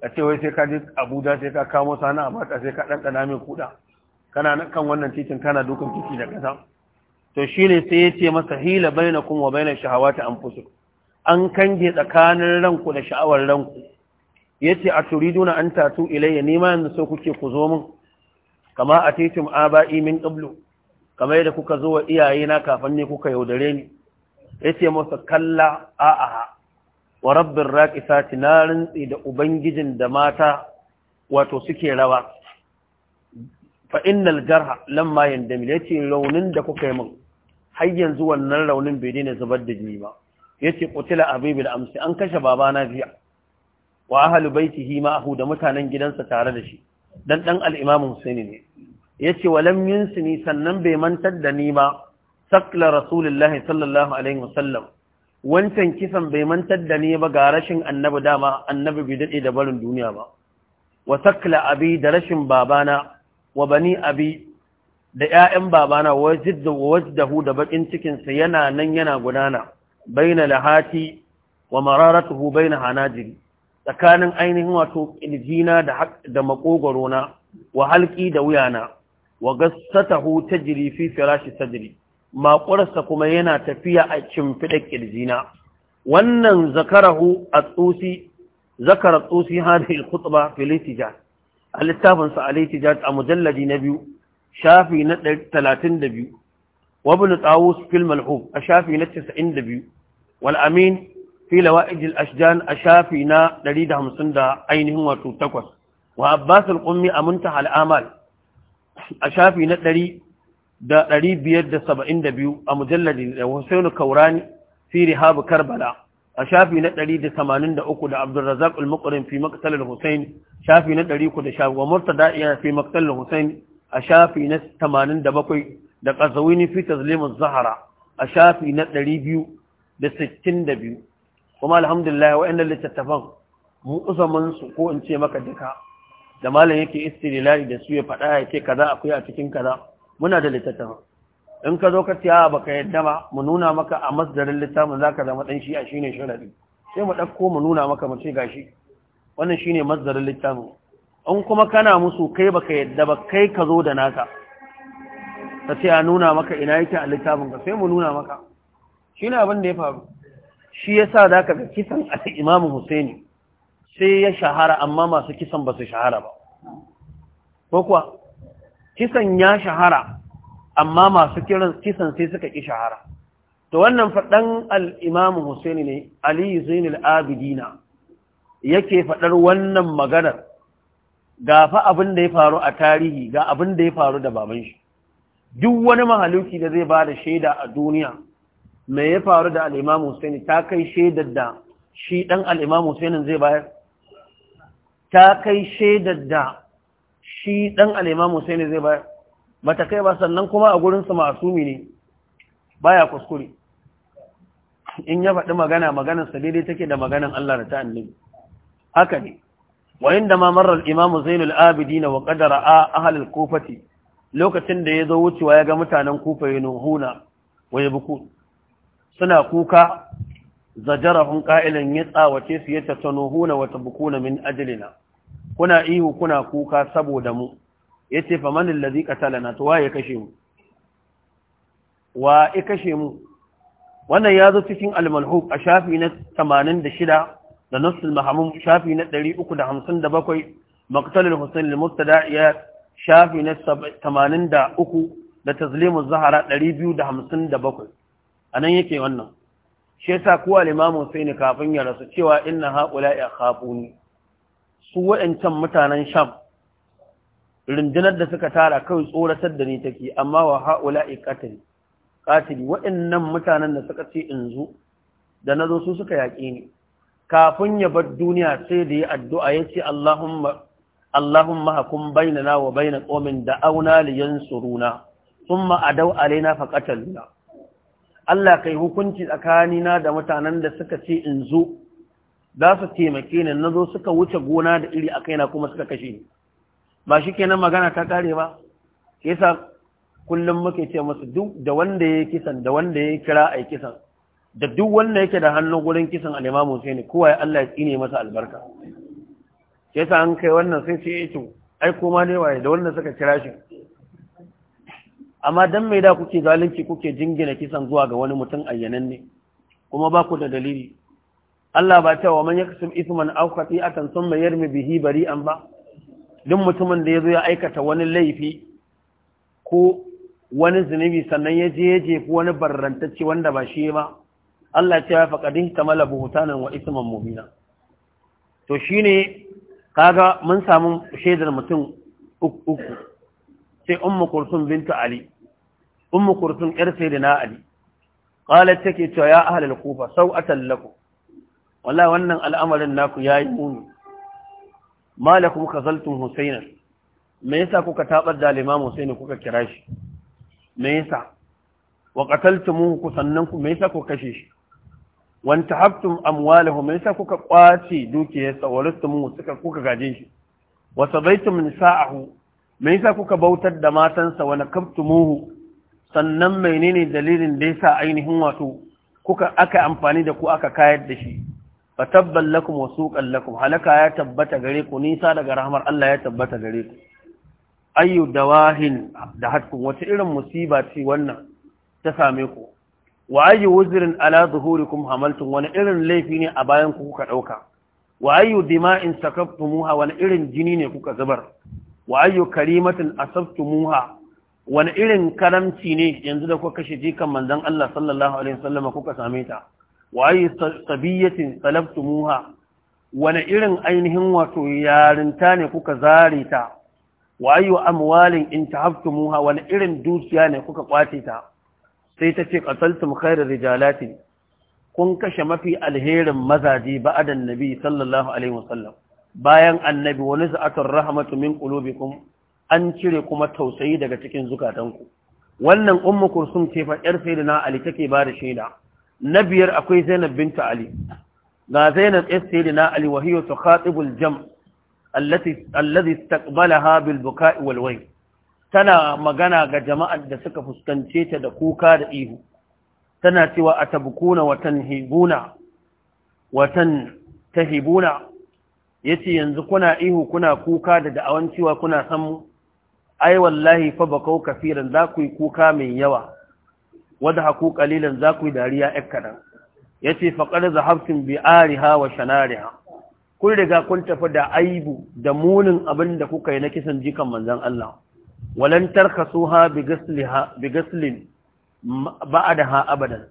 a ce wai sai ka je abuja sai ka kamo sani a mata sai ka ɗanɗana mai kuɗa kana kan wannan titin kana dukan titi da ƙasa to shi ne sai ya ce masa hila bai na kuma na shahawa ta an fusu an kange tsakanin ranku da sha'awar ranku ya ce a duna an tatu ilayya nima yanzu so kuke ku zo min kama a titin aba'i min ƙablu kamar yadda kuka zo wa iyayena kafin ne kuka yaudare ni ce masa kalla A'aha, wa rabbir sati na rintsi da ubangijin da mata wato suke rawa lan mayan da mil Ya ce raunin da kuka yi min har yanzu wannan raunin bai daina zubar da jini ba yace kutila abibil amsi an kashe babana biya wa ahlu hima ahu da mutanen gidansa tare da shi dan ɗan al Sani Husaini ne yace walam ni sannan bai mantar da ni ba sakla rasulullahi sallallahu alaihi wasallam wancan kisan bai mantar da ni ba ga rashin annabi dama annabi bai dade da barin duniya ba wa sakla abi da rashin babana wa bani abi da ƴaƴan babana wa jidda wa wajdahu da bakin cikin sa yana nan yana gudana baina lahati wa mararatuhu baina hanajiri tsakanin ainihin wato ƙirjina da da na wa halki da wuyana wa gassatahu tajri fi firashi sadri maƙurarsa kuma yana tafiya a cimfiɗa ƙirjina wannan zakarahu a tsusi zakara tsusi hadhihi al-khutba fi litija a littafinsa a litija a mujalladi na biyu shafi na 32 wa ibn tawus fil malhub a shafi na 92 wal amin في لوائج الأشجان أشافينا لريد همسن دا أينهم وتوتكوس وعباس القمي أمنتح الآمال a shafi na ɗari da ɗari biyar da saba'in da biyu a mujalladi da Hussainu Kaurani fi Rihabu Karbala a shafi na ɗari da tamanin da uku da Abdulrazak Ulmukurin fi Maktalar Hussain shafi na ɗari ku da shafi wa Murtada iya fi Maktalar Hussain a shafi na tamanin da bakwai da Ƙazawini fi Tazlimin Zahara a shafi na ɗari biyu da sittin da biyu kuma alhamdulillah wa'annan littattafan mu uzamin su ko in ce maka duka da malam yake istilali da su ya faɗa ya ce kaza akwai a cikin kaza muna da littattafa. in ka zo ka tiya ba baka yadda ba mu nuna maka a masdarin littafin zaka zama dan shi a shine sharadi sai mu dauko mu nuna maka mu ce gashi wannan shine masdarin littafin in kuma kana musu kai baka yadda ba kai ka zo da naka ka ce a nuna maka ina yake a littafin ka sai mu nuna maka shine abin da ya faru shi yasa zaka ga kisan al-Imam Husaini sai ya shahara amma masu kisan ba su shahara ba ko kuwa kisan ya shahara amma masu kisan sai suka ƙi shahara to wannan faɗan al'imamu Hussaini ne aliyu zainul abidina yake faɗar wannan maganar ga fa abin da ya faru a tarihi ga abin da ya faru da baban shi duk wani mahaluki da zai ba da shaida a duniya mai ya faru da al'imamu Hussaini ta kai shaidar da shi ɗan al'imamu Hussein zai bayar ta kai shaidar da shi ɗan sai ne zai bayar Ba ta kai ba sannan kuma a gurinsa masumi ne baya kuskure in ya faɗi magana maganarsa daidai take da maganar Allah da ta annabi haka ne wayin da ma marar imamu zainul abidina wa qadara a ahlul kufati lokacin da ya zo wucewa ya ga mutanen kufa yana huna waye buku suna kuka zajarahum qa'ilan yatsa su yata tanuhuna wa tabkuna min ajlina kuna ihu kuna kuka saboda mu yace fa man allazi qatalana to waye kashe mu wa ya kashe mu wannan ya zo cikin al-malhuq a shafi na 86 da nassul mahmum shafi na 357 maqtal al-husayn al-mubtada ya shafi na 83 da tazlim az-zahra 257 anan yake wannan shi yasa kuwa al-imam Husayn kafin ya rasu cewa inna haula ya khafuni su waɗancan mutanen sham rundunar da suka tara kawai tsoratar da ni take amma wa haula ikatari katili waɗannan mutanen da suka ce in zo da na zo su suka yaƙi ni kafin ya bar duniya sai da ya addu'a ya ce Allahumma Allahumma hakum na wa baina qaumin da'awna li yansuruna thumma adaw alaina faqatalna Allah kai hukunci tsakanina da mutanen da suka ce in zo za su taimake ni na zo suka wuce gona da iri a kaina kuma suka kashe ni ba shi kenan magana ta kare ba yasa kullum muke ce masu duk da wanda ya kisan da wanda ya kira a yi kisan da duk wanda yake da hannun gurin kisan musu ne kowa ya Allah ya tsine masa albarka yasa an kai wannan sai ce eh to ai koma ne waye da wanda suka kira shi amma dan me da kuke zalunci kuke jingina kisan zuwa ga wani mutum ayyanan ne kuma ba ku da dalili Allah ba cewa man yaksim a kan sun mayar mai bihi an ba duk mutumin da ya zo ya aikata wani laifi ko wani zunubi sannan ya je ya jefi wani barrantacce wanda ba shi ba Allah ce ya faƙa din tamala buhutanan wa isman mumina. to shi ne kaga mun samu shaidar mutum uku sai ummu kursun bintu ali ummu kursun yar sayyidina ali ƙalar take cewa ya ahalar kufa a tallako. wallahi wannan al'amarin naku yayi muni malakum kazaltum husaina me yasa kuka tabar da limam imam husaini kuka kira shi me yasa wa qataltumuhu kusannan ku me yasa kuka kashe shi wa tahabtum amwalahu me yasa kuka kwace dukiyarsa wa rastumuhu suka kuka gaje shi wa sabaitum nisa'ahu me yasa kuka bautar da matansa wa nakabtumuhu sannan menene dalilin da yasa ainihin wato kuka aka amfani da ku aka kayar da shi fatabban lakum wa suqan lakum halaka ya tabbata gare ku nisa daga rahmar Allah ya tabbata gare ku ayu dawahin da hatkun wata irin musiba ce wannan ta same ku wa ayu wuzrin ala zuhurikum hamaltum wani irin laifi ne a bayan ku kuka dauka wa ayu dima'in sakaftumuha wani irin jini ne kuka zubar wa ayu karimatin asaftumuha wani irin karamci ne yanzu da kuka kashe jikan manzon Allah sallallahu alaihi wasallam kuka same ta waye sabiyatin muha? wani irin ainihin wato yarinta ne kuka zare ta wayo amwalin in tahaftumuha wani irin dukiya ne kuka kwace ta sai ta ce qataltum khairar rijalati kun kashe mafi alherin mazaje ba'adan nabi sallallahu alaihi wasallam bayan annabi wani za'atar rahmatu min qulubikum an cire kuma tausayi daga cikin zukatanku wannan ummu kursum ce fa yar sayyidina ali take ba da shaida na biyar akwai zainab binta ali ga zainab yar na ali wa hiya tukhatibul jam allati takbala ha bil buka'i wal tana magana ga jama'ar da suka fuskance ta da kuka da ihu tana cewa a hibuna watan ta Hibuna, ya yace yanzu kuna ihu kuna kuka da da'awan cewa kuna san ai wallahi fa bakau kafiran za ku yi kuka mai yawa wadda haku kalilan za ku yi dariya ‘yan kaɗan, ya ce faƙar zahabtun bi wa shanariha, kun riga kun tafi da aibu da munin abin da kuka yi na kisan jikan manzan Allah, walantar ka ha bi gaslin ba a da ha abadan,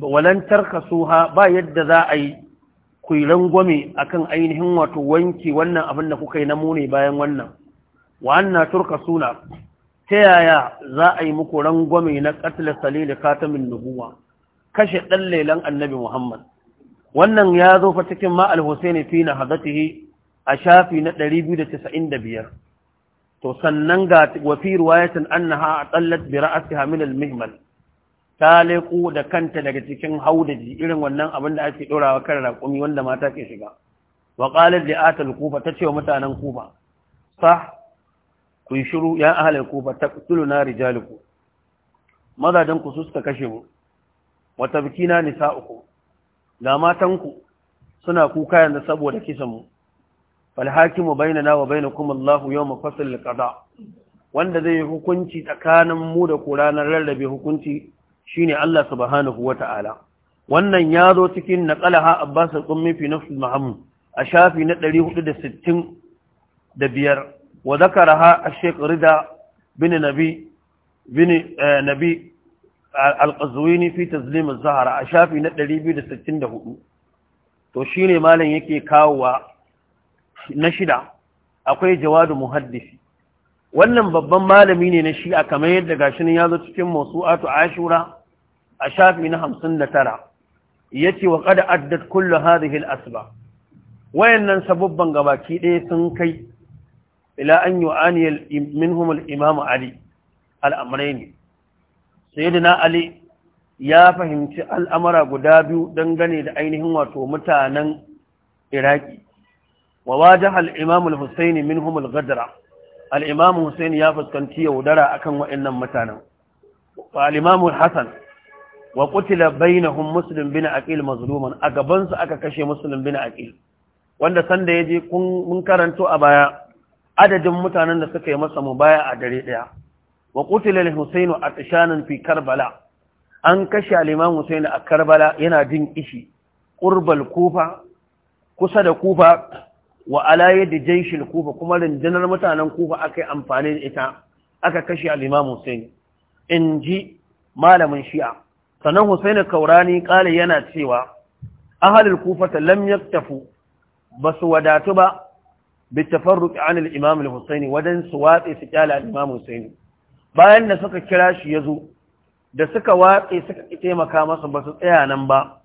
walantar ka ha ba yadda za a yi ku yi rangwame a kan ainihin wato wanki wannan abin da kuka yi na muni bayan wannan, wa'an na turka suna ta yaya za a yi muku rangwame na katila salili katamin nubuwa kashe ɗan lelan annabi muhammad wannan ya zo fa cikin ma'al husaini fi na hadatihi a shafi na 295 to sannan ga wafi ruwayatin annaha tallat bi ra'siha min al-mihmal ta leku da kanta daga cikin haudaji irin wannan abin da ake dorawa kan raƙumi wanda mata ke shiga wa qalat li atal kufa tace wa mutanen kufa sah ku ya ahalar ku ta taqtuluna rijalikum mazajen ku su suka kashe mu wa tabkina nisa'ukum ga matan ku suna kuka yanzu saboda kisan mu fal hakimu bainana wa kuma Allahu yawma fasl qada wanda zai yi hukunci tsakanin mu da ku ranar rarrabe hukunci shine Allah subhanahu wata'ala wannan ya zo cikin naqalaha Abbas al-Qummi na nafs al a shafi na 465 وذكرها الشيخ رضا بن نبي بن نبي القزويني في al-qazwini fi zahra a shafi na 264 to shine malam yake kawowa na shida akwai jawadu muhaddisi wannan babban malami ne na shi'a kamar yadda gashin ya zo cikin masu'atu ashura a shafi na 59 yace wa qad addat kullu hadhihi al-asba wayannan sabubban gabaki ɗaya sun kai ila an yu'ani minhum al-imam ali sayyidina ali ya fahimci al'amara guda biyu dangane da ainihin wato mutanen iraki wa wajen Al'imamul-Hussaini al Gadara, minhum hussaini ya fuskanci yaudara akan waɗannan mutanen wa al-imam hasan wa kutila bainahun muslim bin aqil mazluman a gaban su aka kashe muslim bin aqil wanda sanda ya kun mun karanto a baya adadin mutanen da suka yi masa mubaya a dare ɗaya. wa qutila al-husayn atshanan fi karbala an kashe al-imam a karbala yana jin ishi. qurbal kufa kusa da kufa wa ala yadi kufa kuma rundunar mutanen kufa akai amfani da ita aka kashe al-imam husayn ji malamin shi'a sanan husayn kaurani kale yana cewa ahalin kufa lam yaktafu basu wadatu ba bi tafarruq an al-imam al su watsi su kyala al-imam husaini bayan da suka kira shi yazo da suka watsi suka taimaka masa ba su tsaya nan ba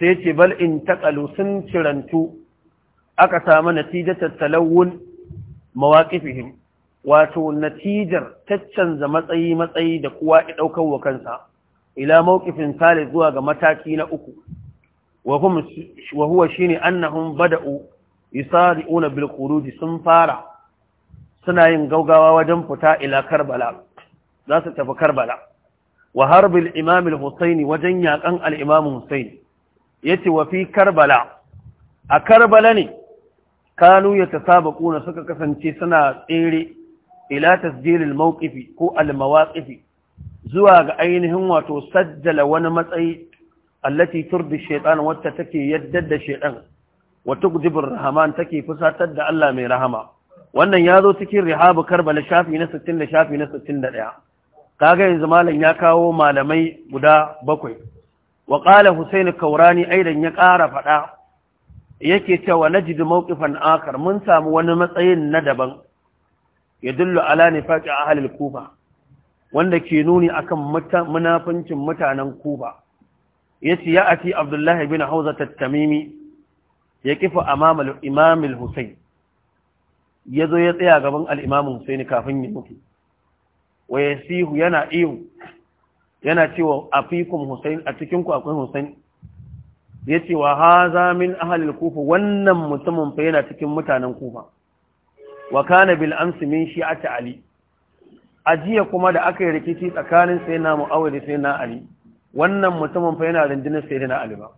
sai ce bal in taqalu sun cirantu aka samu natijatar talawun mawaqifihim wato natijar taccanza matsayi matsayi da kowa ya daukar wa kansa ila mawqifin salis zuwa ga mataki na uku wa shine annahum bada'u yusari'una una khuruj sun fara suna yin gaugawa wajen fita ila Karbala za su tafi Karbala wa harbil imam husaini wajen yakan al-Imam Husaini yace wa fi Karbala a Karbala ne kanu ya yatasabaquna suka kasance suna tsere ila tasjilil al-mawqifi ko al zuwa ga ainihin wato sajjala wani matsayi allati turdi shaytan wacce take yaddada shaytan wa tugdibur rahman take fusatar da Allah mai rahama wannan ya zo cikin rihabu karbala shafi na 60 da shafi na 61 kaga yanzu malam ya kawo malamai guda bakwai wa qala husayn kaurani aidan ya ƙara faɗa yake cewa najidu mawqifan akar mun samu wani matsayin na daban yadullu ala nifaqi ahli al-kufa wanda ke nuni akan munafincin mutanen kufa yace ya ati abdullahi bin hauza at-tamimi ya kifa amamal imamil Hussein ya zo ya tsaya gaban al'imamin al-husayn kafin ya mutu waye sihu yana ihu yana cewa a fikun Hussein a cikinku akwai husayn ya ce wa haza min ahalil kufa wannan mutumin fa yana cikin mutanen kufa wa kana bil amsi min shi'ati ali ajiya kuma da aka yi rikici tsakanin sayyidina mu'awwid da sayyidina ali wannan mutumin fa yana rundunar sayyidina ali ba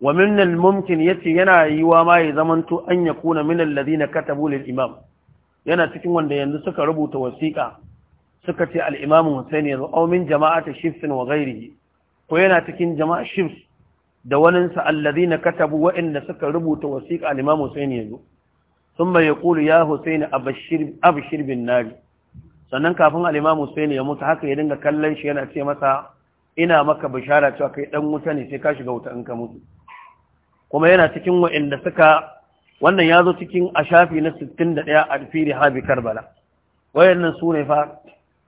wa minnal mumkin yace yana yiwa ma ya zamanto an kuna min Ladina katabu lil imam yana cikin wanda yanzu suka rubuta wasiqa suka ce al imam Hussein yanzu aw min jama'ati shifsin wa ghairihi ko yana cikin jama'a shifs da waninsa alladhina katabu wa inda suka rubuta wasiqa al imam Hussein yanzu thumma yaqulu ya Hussein abashir abashir bin nari sannan kafin al imam Hussein ya mutu haka ya dinga kallon shi yana ce masa ina maka bishara cewa kai dan wuta ne sai ka shiga wuta in ka mutu kuma yana cikin wa'inda suka wannan ya zo cikin a shafi na 61 a fili habi karbala wayannan su ne fa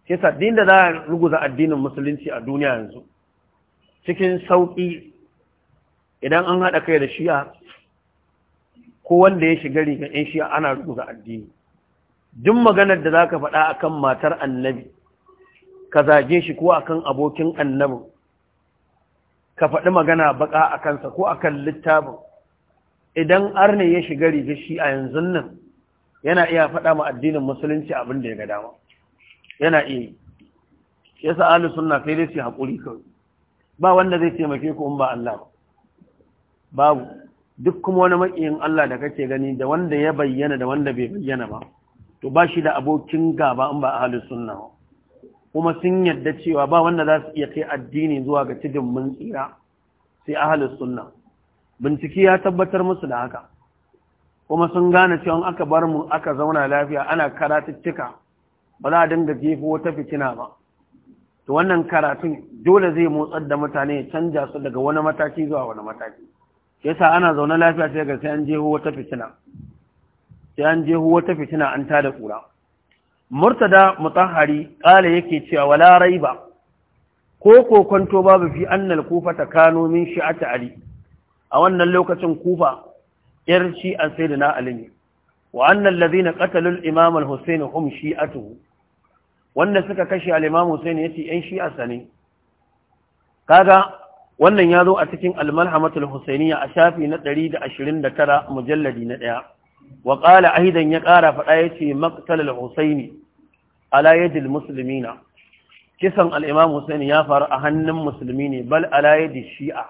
kisa din da za a ruguza addinin musulunci a duniya yanzu cikin sauƙi idan an haɗa kai da shi'a ko wanda ya shiga riga 'yan shi'a ana ruguza addini duk maganar da za ka faɗa akan matar annabi ka zage shi ko akan abokin annabin ka faɗi magana baka a kansa ko a kan littafin idan arne ya shiga riga shi a yanzu nan yana iya faɗa ma addinin musulunci abin da ya ga dama yana iya ya sa ahli sunna sai dai su haƙuri kawai ba wanda zai taimake ku in ba Allah ba babu duk kuma wani makiyin Allah da kake gani da wanda ya bayyana da wanda bai bayyana ba to ba shi da abokin gaba in ba ahli sunna ba kuma sun yadda cewa ba wanda za su iya kai addini zuwa ga cikin mun tsira sai ahalus sunna bincike ya tabbatar musu da haka kuma sun gane cewa aka bar mu aka zauna lafiya ana karatuttuka ba za a dinga jefo wata fitina ba to wannan karatun dole zai motsar da mutane ya canja su daga wani mataki zuwa wani mataki yasa ana zaune lafiya sai ga sai an jeho wata fitina sai an jeho wata fitina an tada kura murtada mutahari kala yake cewa wala raiba ko kokonto babu fi annal kufa ta kano min shi'ata ali a wannan lokacin kufa yar shi an sai da na alimi wa annan lazina qatalul imam al-husayn hum shi'atuhu wanda suka kashe al-imam husayn yace yan shi'a sane kaga wannan ya zo a cikin al-malhamatul husayniyya a shafi na 129 mujalladi na 1 wa qala aidan ya ƙara faɗa yace maqtal al-husaini ala yadil kisan alimam imam husaini ya faru a hannun musulmi ne bal ala Shi'a. shi'a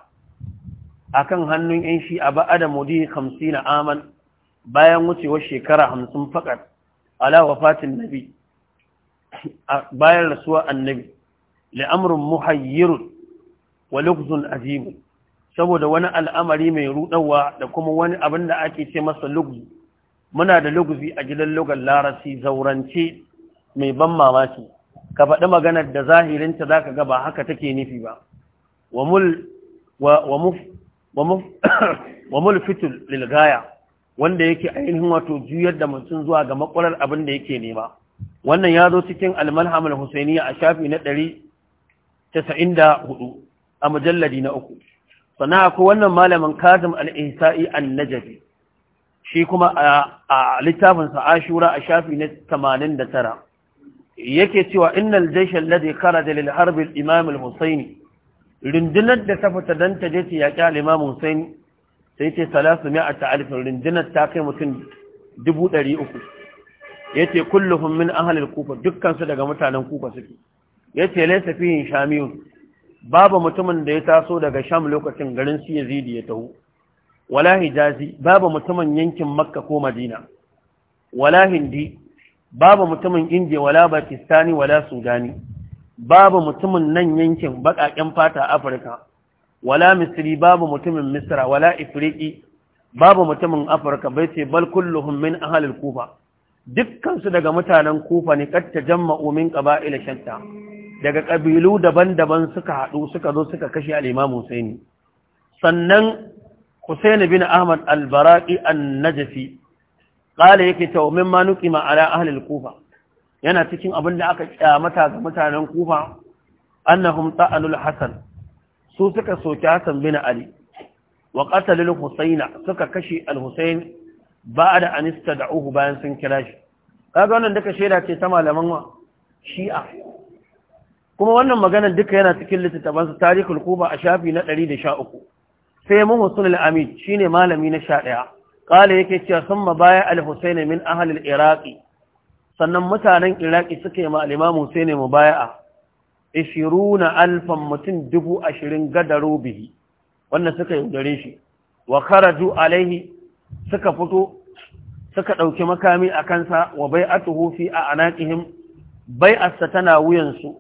akan hannun yan shi'a ba da mudi 50 aman bayan wucewar shekara 50 fakat ala wafatin nabi bayan rasuwa annabi li'amrun muhayyirun wa lugzun azimu. saboda wani al'amari mai ruɗawa da kuma wani abin da ake ce masa lugzu muna da luguzi a gidan lugan larasi zaurance mai ban mamaki ka faɗi maganar da zahirinta za ka gaba haka take nufi ba wa mulfitul lilgaya wanda yake ainihin wato juyar da mutum zuwa ga makwalar abin da yake nema wannan ya zo cikin almalhamul husaini a shafi na ɗari casa'in da hudu a mujalladi na uku Sana'a ko wannan malamin kazim al-ihsa'i an-najafi shi kuma a littafinsa ashura a shafi na 89 yake cewa innal jaishal ladhi kharaja lil harb al imam al husaini rundunar da ta fita dan ta je ta yaki al imam husaini sai ce 300000 rundunar ta kai mutum Ya yace kulluhum min ahli al kufa dukkan daga mutanen kufa suke yace laysa fihi shamiyun babu mutumin da ya taso daga sham lokacin garin su yazidi ya taho wala hijazi babu mutumin yankin makka ko madina wala hindi babu mutumin indiya wala pakistani wala sudani babu mutumin nan yankin baƙaƙen fata afirka wala misri babu mutumin misra wala ifriqi babu mutumin afirka bai ce bal kulluhum min ahlil kufa dukkansu daga mutanen kufa ne kad tajamma'u min qaba'il shatta daga kabilu daban-daban suka haɗu suka zo suka kashe al-imam sannan Hussein bin Ahmad al-Baraqi an-Najfi qala yake ta mimma nuqima ala ahli kufa yana cikin abin da aka kyamata ga mutanen Kufa annahum ta'anul Hasan su suka soki Hassan bin Ali wa qatalul Husaina suka kashe al husayn ba'da an istad'uhu bayan sun kira shi kaga wannan duka sheda ce ta malaman Shi'a kuma wannan maganar duka yana cikin littattafansu tarihul Kufa a shafi na 113 sai husun al shine malami na ɗaya kale yake cewa ma baya al husaini min ahli al sannan mutanen iraki suka yi ma al-imam husayn mubaya'a alfan mutum ashirin gadaru bihi wannan suka yaudare shi wa kharaju alaihi suka fito suka ɗauki makami a kansa wa bai'atuhu fi bai a satana wuyansu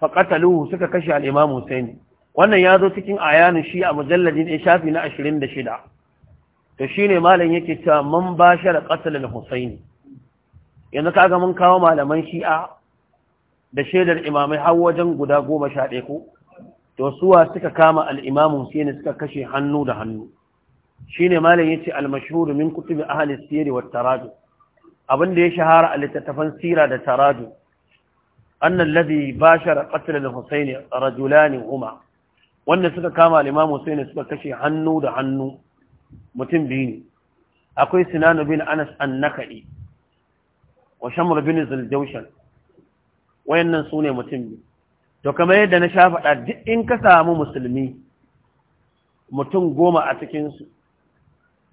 faqataluhu suka kashe al-imam wannan ya zo cikin ayanin shi a mujalladin ɗin shafi na ashirin da shida to shi ne malam yake cewa man ba shi da ƙasalin husaini yanzu kaga mun kawo malaman shi'a da shaidar imamai har wajen guda goma sha ɗaya ko to suwa suka kama al'imamu husaini suka kashe hannu da hannu shi ne malam ya ce min kutubi ahli sirri wa taradu abin da ya shahara a littattafan sira da taraju. annan ladhi bashara qatl al-husaini rajulani huma wanda suka kama sai ne suka kashe hannu da hannu mutum biyu ne akwai sinanu bin Anas an-Nakai wa Shamar bin Zuljawshan wayannan ne mutum biyu to kamar yadda na sha faɗa duk in ka samu musulmi mutum goma a cikinsu,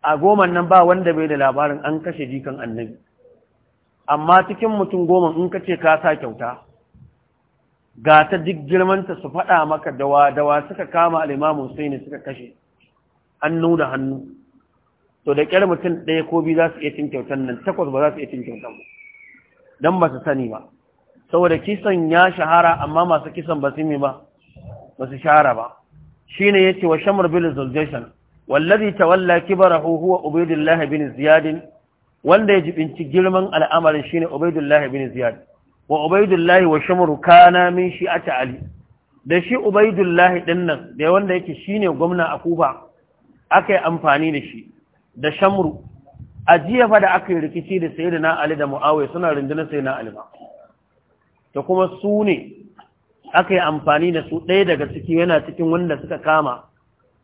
a goman nan ba wanda bai da labarin an kashe jikan annabi amma cikin mutum goma in ka ce ka sa kyauta ga ta duk girmanta su faɗa maka dawa dawa suka kama al'imamu sai ne suka kashe hannu da hannu to da ƙyar mutum ɗaya ko biyu za su iya cin kyautan nan takwas ba za su iya cin kyautan ba don ba su sani ba saboda kisan ya shahara amma masu kisan ba su yi ba ba su shahara ba shi ne ya ce wa shamar bin zuljeshan wallazi tawalla huhu huwa Ubaidullahi bin ziyadin wanda ya jibinci girman al'amarin shine Ubaidullahi bin ziyadin wa ubaidullahi wa shamru kana min shi'ati ali da shi ubaidullahi din nan da wanda yake shine gwamna a kufa akai amfani da shi da shamru ajiya fa da akai rikici da sayyidina ali da muawiya suna rundunar sayyidina ali ba Ta kuma su ne akai amfani da su ɗaya daga ciki yana cikin wanda suka kama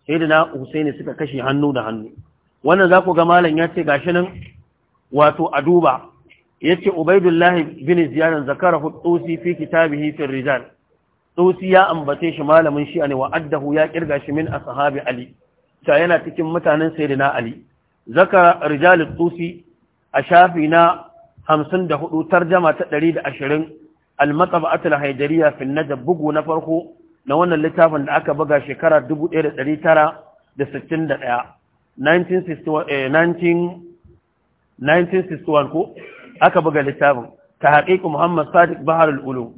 sayyidina Usaini suka kashe hannu da hannu wannan za ku ga malam ya ce gashi nan wato a duba yace ubaidullah bin ziyad zakarahu tusi fi kitabihi fi rijal tusi ya ambace shi malamin shi ne wa addahu ya kirga shi min ashabi ali ta yana cikin mutanen sayyidina ali zakara rijal tusi a shafi na 54 tarjama ta 120 al-maqabat al-haydariya fi an-najab bugu na farko na wannan littafin da aka buga shekara 1961 1961 eh, ko aka buga littafin ta haƙiƙu muhammad sadiq bahar Ulu,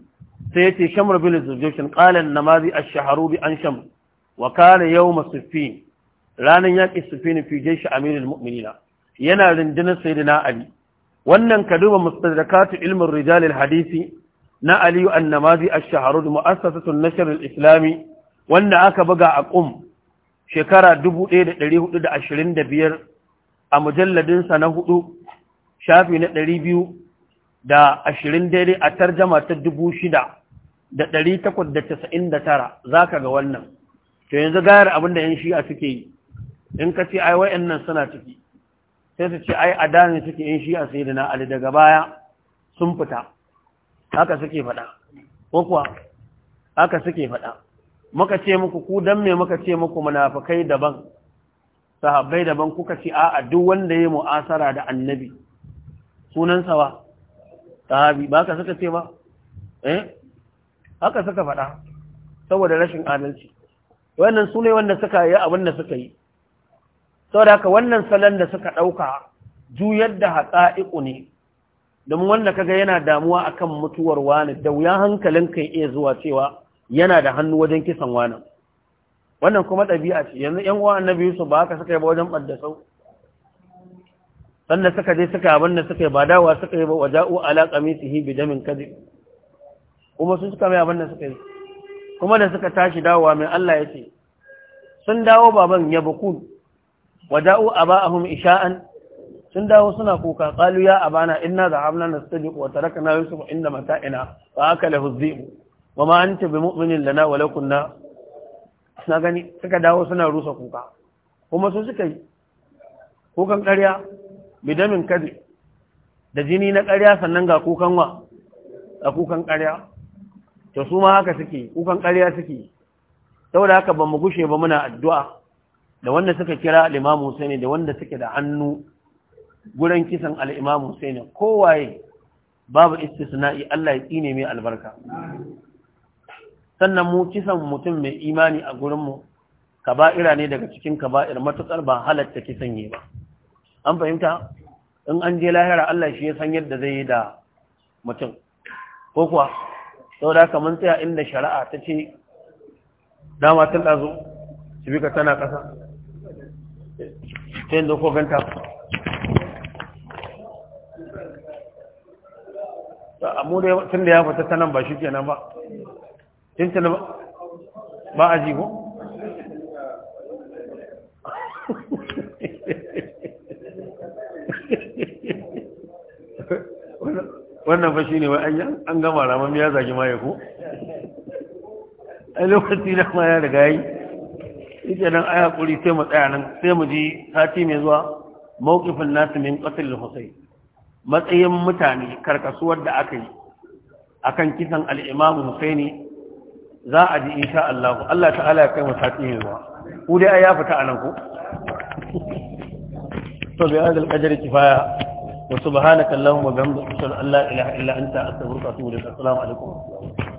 sai ce shamar bin zurjoshin ƙalin namazi a shaharu bi an shamar wa kare yau masu ranar yaƙi su fi shi amirin mu'minina yana rindinar sai na na'ali wannan ka duba mustadrakatu ilmin rijalil hadisi na aliyu an namazi a shaharu da mu'assasatun islami wanda aka buga a ƙum shekara biyar a mujalladinsa na hudu shafi na ɗari biyu da ashirin daidai a tarjama ta dubu shida da ɗari takwas da casa'in da tara za ka ga wannan to yanzu gayar abin da yan shi'a suke yi in ka ce ai wa'in nan suna ciki sai su ce ai a dane suke yan shi'a sai da na ali daga baya sun fita haka suke faɗa ko kuwa haka suke faɗa muka ce muku ku dan me muka ce muku munafukai daban sahabbai daban kuka ce a'a duk wanda ya yi mu'asara da annabi sunan sawa sahabi ba ka saka ce ba eh haka saka faɗa saboda rashin adalci wannan su ne wanda suka yi abin da suka yi saboda haka wannan salon da suka ɗauka juyar da haƙa'iƙu ne domin wanda kaga yana damuwa akan mutuwar wani da wuya hankalin kan iya zuwa cewa yana da hannu wajen kisan wani wannan kuma ɗabi'a ce yanzu ‘yan uwa annabi su ba haka suka yi ba wajen ɓadda sau sannan suka je suka yi da suka yi ba dawa suka yi ba wa ja'u ala qamisihi bi damin kadhib kuma sun suka mai abin suka yi kuma da suka tashi dawowa mai Allah ya ce sun dawo baban ya bukun wa ja'u aba'ahum isha'an sun dawo suna kuka qalu ya abana inna dhahabna nastabiq wa tarakna yusuf inda mata'ina fa akalahu dhi'bu wa ma anta mu'minin lana wa law kunna na gani suka dawo suna rusa kuka kuma sun suka yi kukan ƙarya bidamin kadi da jini na ƙarya sannan ga kukan wa a kukan ƙarya to su ma haka suke kukan ƙarya suke saboda haka ba mu gushe ba muna addu'a da wanda suka kira al'imamu Hussein da wanda suke da hannu gurin kisan al'imamu Hussein kowaye babu istisna'i Allah ya tsine mai albarka sannan mu kisan mutum mai imani a gurinmu kaba'ira ne daga cikin kaba'ir matuƙar ba halatta kisan yi ba an fahimta in an je lahira Allah shi ya san yadda zai yi da mutum ko kuwa sau da kamar tsaya inda shari'a ta ce dama tun ɗazu su bi ka tana ƙasa ta yin doko ganta amma tun da ya fata ta nan ba shi nan ba tun ba a jigo wannan fa shine wai an an gama raman ya zagi ma ya ko a lokaci na ma ya riga yi ita nan ai hakuri sai mu tsaya nan sai mu ji sati mai zuwa mawqifin nasu min qatl husayn matsayin mutane karkasuwar da aka yi akan kisan al-imam za a ji insha Allah Allah ta'ala ya kai mu sati mai zuwa ku dai ai ya fita anan ko to bi hadal qadri kifaya wa bahana kallon wa bihamdika ashhadu an la ilaha illa anta astaghfiruka wa atubu ilaik assalamu alaikum